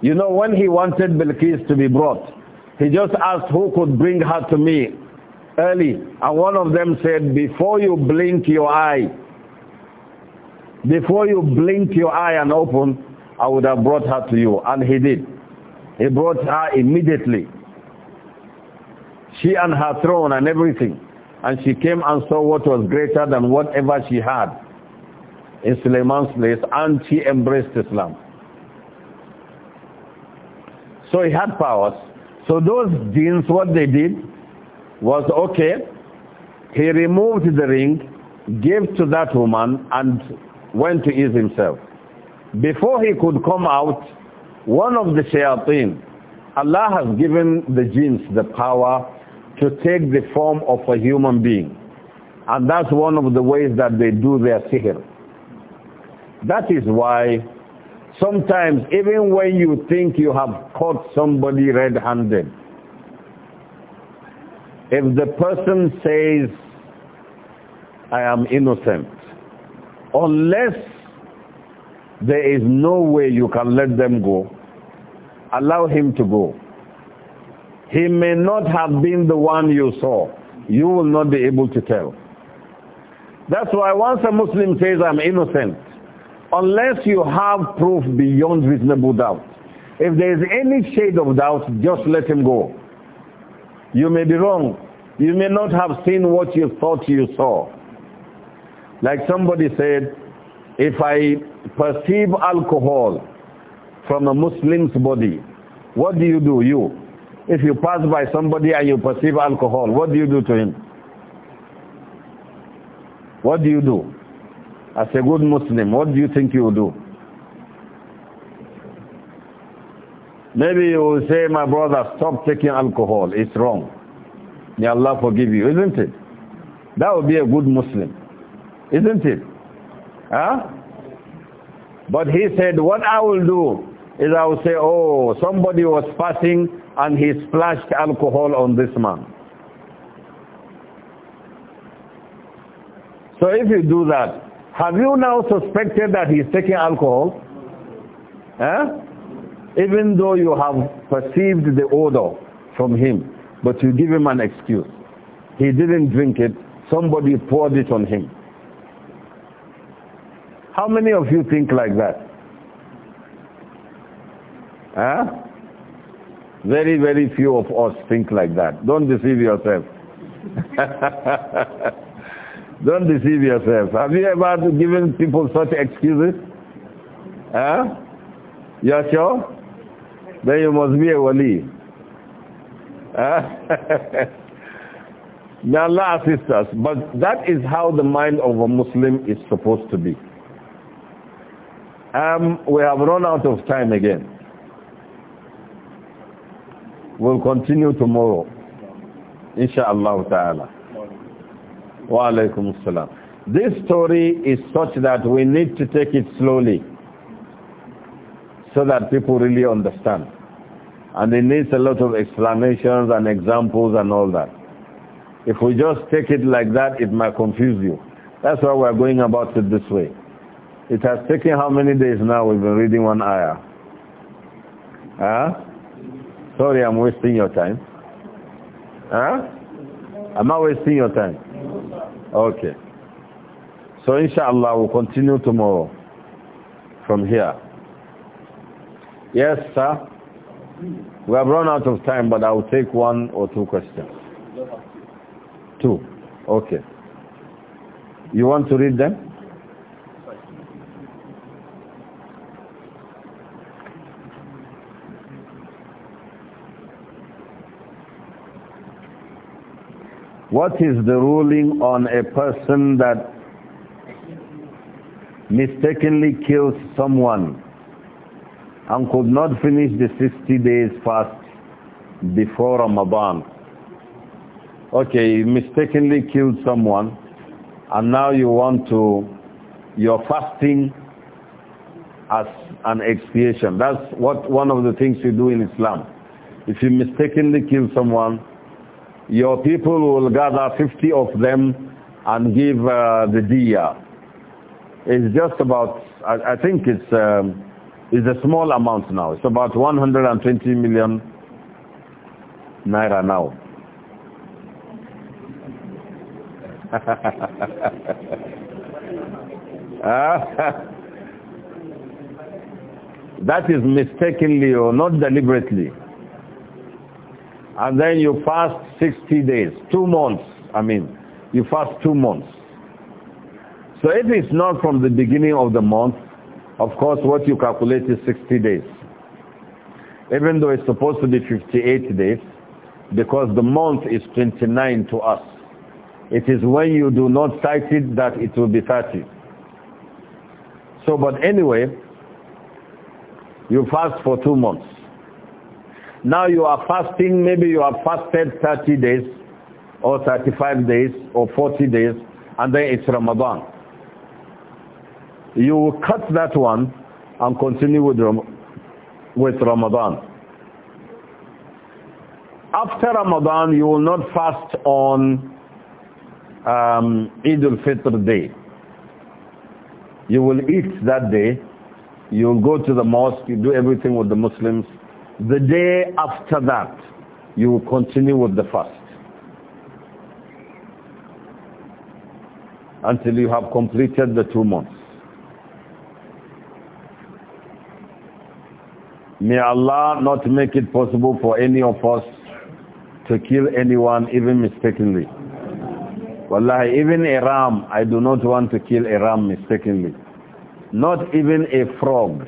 You know, when he wanted Bilqis to be brought, he just asked who could bring her to me early. And one of them said, before you blink your eye, before you blink your eye and open, I would have brought her to you. And he did. He brought her immediately. She and her throne and everything. And she came and saw what was greater than whatever she had in Suleiman's place. And she embraced Islam. So he had powers. So those jinns, what they did, was okay. He removed the ring, gave to that woman, and went to ease himself. Before he could come out, one of the shayateen, Allah has given the jinns the power to take the form of a human being. And that's one of the ways that they do their sihr. That is why sometimes even when you think you have caught somebody red-handed, if the person says, I am innocent, unless there is no way you can let them go, allow him to go. He may not have been the one you saw. You will not be able to tell. That's why once a Muslim says, I'm innocent, unless you have proof beyond reasonable doubt, if there is any shade of doubt, just let him go. You may be wrong. You may not have seen what you thought you saw. Like somebody said, if I perceive alcohol from a Muslim's body, what do you do, you? If you pass by somebody and you perceive alcohol, what do you do to him? What do you do? As a good Muslim, what do you think you will do? Maybe you will say, my brother, stop taking alcohol. It's wrong. May Allah forgive you, isn't it? That would be a good Muslim, isn't it? Huh? But he said, what I will do is I will say, oh, somebody was passing and he splashed alcohol on this man. So if you do that, have you now suspected that he's taking alcohol? Huh? even though you have perceived the odor from him, but you give him an excuse. He didn't drink it, somebody poured it on him. How many of you think like that? Huh? Very, very few of us think like that. Don't deceive yourself. Don't deceive yourself. Have you ever given people such excuses? Huh? You're sure? Then you must be a wali. Allah assists us. But that is how the mind of a Muslim is supposed to be. Um, we have run out of time again. We'll continue tomorrow. insha'Allah. ta'ala. Wa alaikum salam. This story is such that we need to take it slowly so that people really understand. And it needs a lot of explanations and examples and all that. If we just take it like that, it might confuse you. That's why we're going about it this way. It has taken how many days now we've been reading one ayah? Huh? Sorry, I'm wasting your time. Huh? Am not wasting your time? Okay. So inshallah, we'll continue tomorrow from here. Yes, sir. We have run out of time, but I will take one or two questions. Two. Okay. You want to read them? What is the ruling on a person that mistakenly kills someone and could not finish the 60 days fast before Ramadan. Okay, you mistakenly killed someone and now you want to, you're fasting as an expiation. That's what one of the things you do in Islam. If you mistakenly kill someone, your people will gather 50 of them and give uh, the diya. It's just about, I, I think it's... Um, it's a small amount now. It's about 120 million naira now. that is mistakenly or not deliberately. And then you fast 60 days, two months, I mean, you fast two months. So if it's not from the beginning of the month, of course, what you calculate is 60 days. Even though it's supposed to be 58 days, because the month is 29 to us. It is when you do not cite it that it will be 30. So, but anyway, you fast for two months. Now you are fasting, maybe you have fasted 30 days, or 35 days, or 40 days, and then it's Ramadan you cut that one and continue with, with Ramadan. After Ramadan, you will not fast on um, Eid al-Fitr day. You will eat that day. You will go to the mosque. You do everything with the Muslims. The day after that, you will continue with the fast. Until you have completed the two months. May Allah not make it possible for any of us to kill anyone even mistakenly. Wallahi, even a ram, I do not want to kill a ram mistakenly. Not even a frog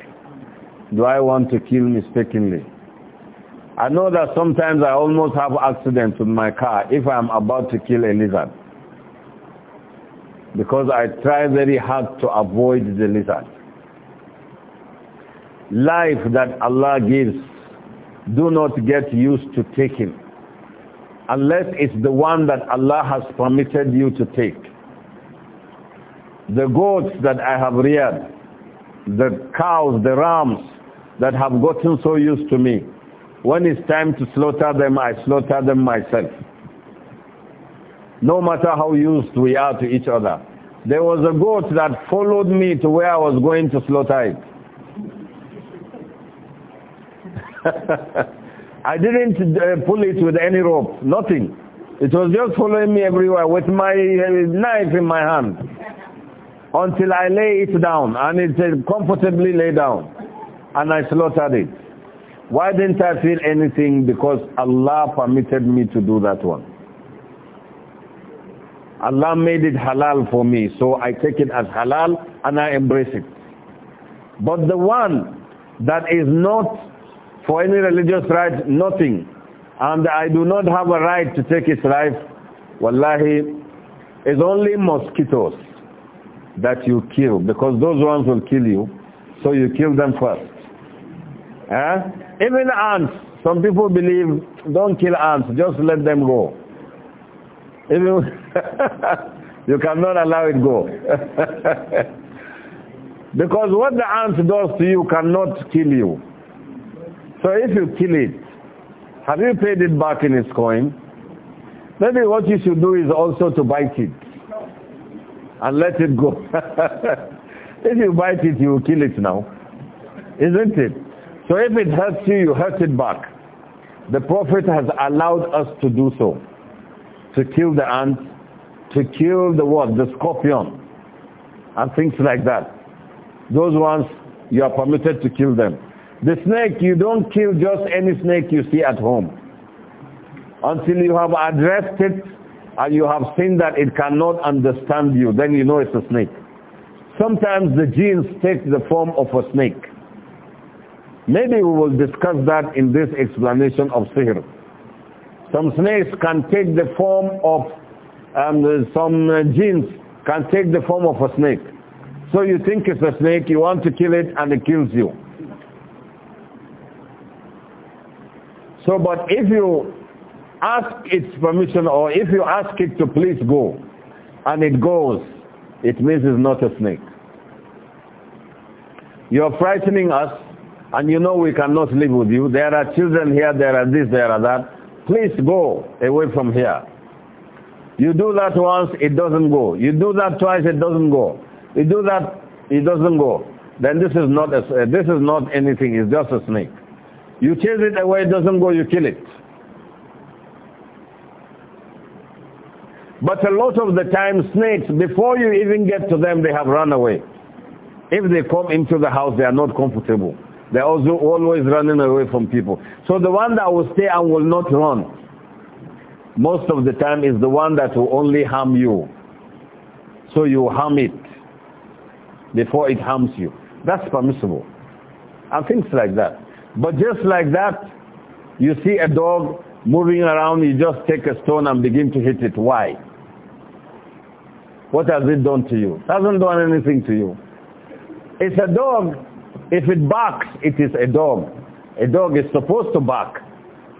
do I want to kill mistakenly. I know that sometimes I almost have accidents with my car if I'm about to kill a lizard. Because I try very hard to avoid the lizard life that Allah gives, do not get used to taking unless it's the one that Allah has permitted you to take. The goats that I have reared, the cows, the rams that have gotten so used to me, when it's time to slaughter them, I slaughter them myself. No matter how used we are to each other. There was a goat that followed me to where I was going to slaughter it. I didn't uh, pull it with any rope, nothing. It was just following me everywhere with my uh, knife in my hand until I lay it down and it comfortably lay down and I slaughtered it. Why didn't I feel anything? Because Allah permitted me to do that one. Allah made it halal for me, so I take it as halal and I embrace it. But the one that is not for any religious right, nothing. And I do not have a right to take his life. Wallahi, it's only mosquitoes that you kill because those ones will kill you. So you kill them first. Eh? Even ants. Some people believe, don't kill ants, just let them go. Even you cannot allow it go. because what the ant does to you cannot kill you. So if you kill it, have you paid it back in its coin? Maybe what you should do is also to bite it and let it go. if you bite it, you kill it now. Isn't it? So if it hurts you, you hurt it back. The Prophet has allowed us to do so. To kill the ant, to kill the what? The scorpion. And things like that. Those ones, you are permitted to kill them. The snake, you don't kill just any snake you see at home. Until you have addressed it and you have seen that it cannot understand you, then you know it's a snake. Sometimes the genes take the form of a snake. Maybe we will discuss that in this explanation of sihr. Some snakes can take the form of, um, some genes can take the form of a snake. So you think it's a snake, you want to kill it and it kills you. So, but if you ask its permission or if you ask it to please go and it goes, it means it's not a snake. You're frightening us and you know we cannot live with you. There are children here, there are this, there are that. Please go away from here. You do that once, it doesn't go. You do that twice, it doesn't go. You do that, it doesn't go. Then this is not a, this is not anything. It's just a snake. You chase it away, it doesn't go, you kill it. But a lot of the time, snakes, before you even get to them, they have run away. If they come into the house, they are not comfortable. They're also always running away from people. So the one that will stay and will not run, most of the time is the one that will only harm you. So you harm it before it harms you. That's permissible. And things like that. But just like that, you see a dog moving around, you just take a stone and begin to hit it. Why? What has it done to you? It hasn't done anything to you. It's a dog. If it barks, it is a dog. A dog is supposed to bark.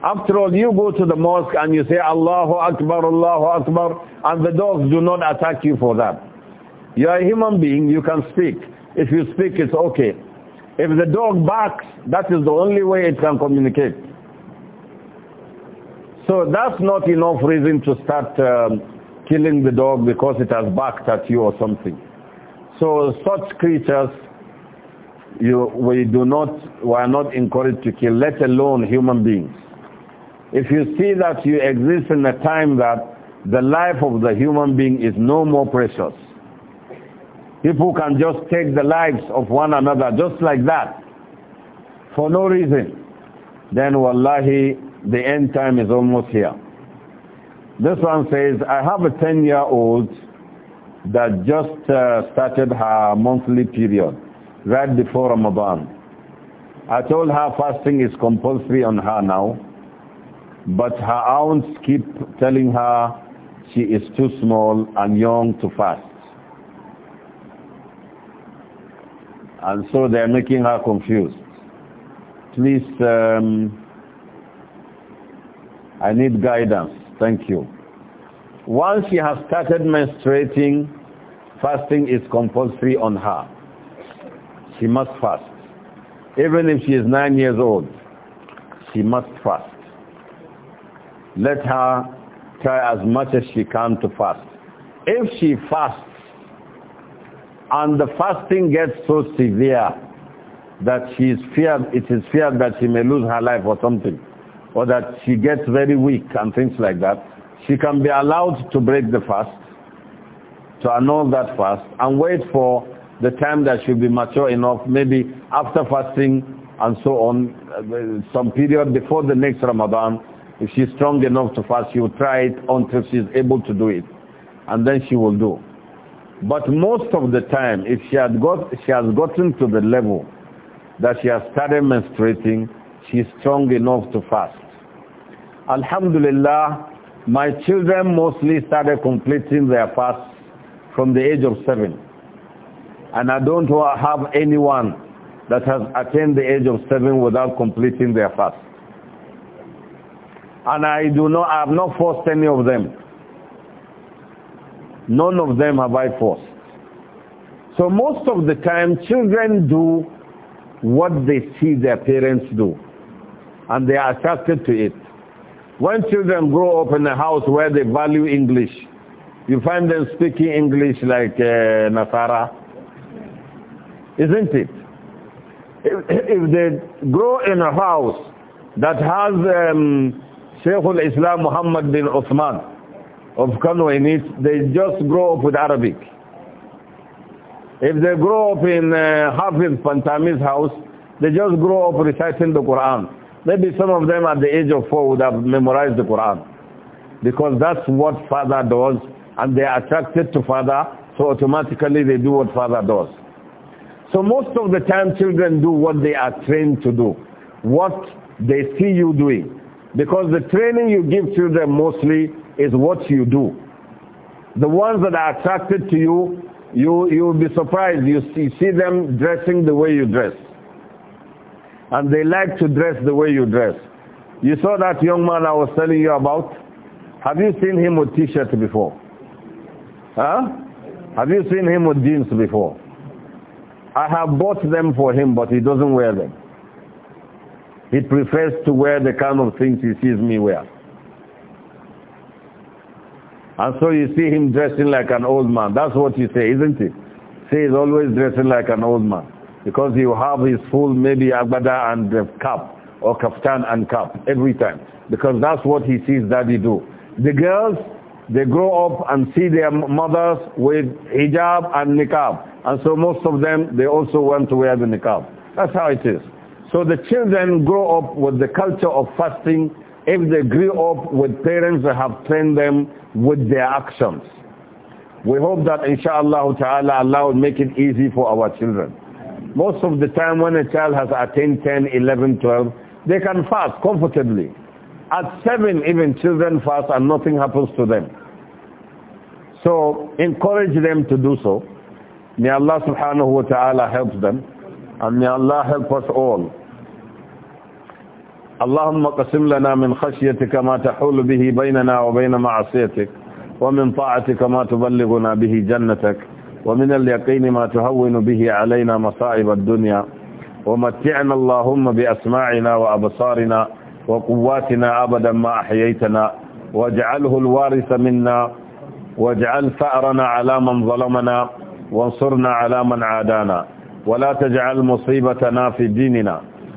After all, you go to the mosque and you say, Allahu Akbar, Allahu Akbar, and the dogs do not attack you for that. You are a human being, you can speak. If you speak, it's okay. If the dog barks, that is the only way it can communicate. So that's not enough reason to start um, killing the dog because it has barked at you or something. So such creatures, you, we do not, we are not encouraged to kill, let alone human beings. If you see that you exist in a time that the life of the human being is no more precious, People can just take the lives of one another just like that for no reason. Then wallahi, the end time is almost here. This one says, I have a 10-year-old that just uh, started her monthly period right before Ramadan. I told her fasting is compulsory on her now, but her aunts keep telling her she is too small and young to fast. And so they're making her confused. Please, um, I need guidance. Thank you. Once she has started menstruating, fasting is compulsory on her. She must fast. Even if she is nine years old, she must fast. Let her try as much as she can to fast. If she fasts and the fasting gets so severe that she is feared, it is feared that she may lose her life or something, or that she gets very weak and things like that, she can be allowed to break the fast, to annul that fast, and wait for the time that she'll be mature enough, maybe after fasting and so on, uh, some period before the next Ramadan, if she's strong enough to fast, she will try it until she's able to do it. And then she will do. But most of the time, if she, had got, she has gotten to the level that she has started menstruating, she is strong enough to fast. Alhamdulillah, my children mostly started completing their fast from the age of seven. And I don't have anyone that has attained the age of seven without completing their fast. And I do not, I have not forced any of them. None of them have I forced. So most of the time, children do what they see their parents do. And they are attracted to it. When children grow up in a house where they value English, you find them speaking English like uh, Nasara. Isn't it? If, if, they grow in a house that has um, al-Islam Muhammad bin Uthman, of Kano they just grow up with Arabic. If they grow up in uh, Hafiz Pantami's house, they just grow up reciting the Quran. Maybe some of them at the age of four would have memorized the Quran. Because that's what father does, and they are attracted to father, so automatically they do what father does. So most of the time children do what they are trained to do, what they see you doing. Because the training you give children mostly is what you do. The ones that are attracted to you, you, you'll be surprised. You see, see them dressing the way you dress. And they like to dress the way you dress. You saw that young man I was telling you about? Have you seen him with t-shirt before? Huh? Have you seen him with jeans before? I have bought them for him, but he doesn't wear them. He prefers to wear the kind of things he sees me wear. And so you see him dressing like an old man. That's what you say, isn't it? See, he's always dressing like an old man. Because you have his full maybe agbada and uh, cap, or kaftan and cap, every time. Because that's what he sees daddy do. The girls, they grow up and see their mothers with hijab and niqab. And so most of them, they also want to wear the niqab. That's how it is. So the children grow up with the culture of fasting if they grew up with parents that have trained them with their actions. We hope that inshallah ta'ala Allah will make it easy for our children. Most of the time when a child has attained 10, 11, 12, they can fast comfortably. At 7 even children fast and nothing happens to them. So encourage them to do so. May Allah subhanahu wa ta'ala help them and may Allah help us all. اللهم قسم لنا من خشيتك ما تحول به بيننا وبين معصيتك ومن طاعتك ما تبلغنا به جنتك ومن اليقين ما تهون به علينا مصائب الدنيا ومتعنا اللهم بأسماعنا وأبصارنا وقواتنا أبدا ما أحييتنا واجعله الوارث منا واجعل ثأرنا على من ظلمنا وانصرنا على من عادانا ولا تجعل مصيبتنا في ديننا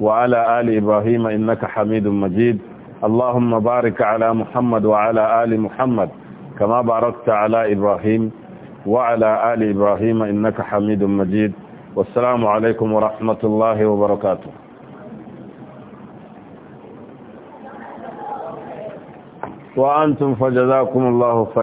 وعلى آل إبراهيم إنك حميد مجيد اللهم بارك على محمد وعلى آل محمد كما باركت على إبراهيم وعلى آل إبراهيم إنك حميد مجيد والسلام عليكم ورحمة الله وبركاته وأنتم فجزاكم الله خير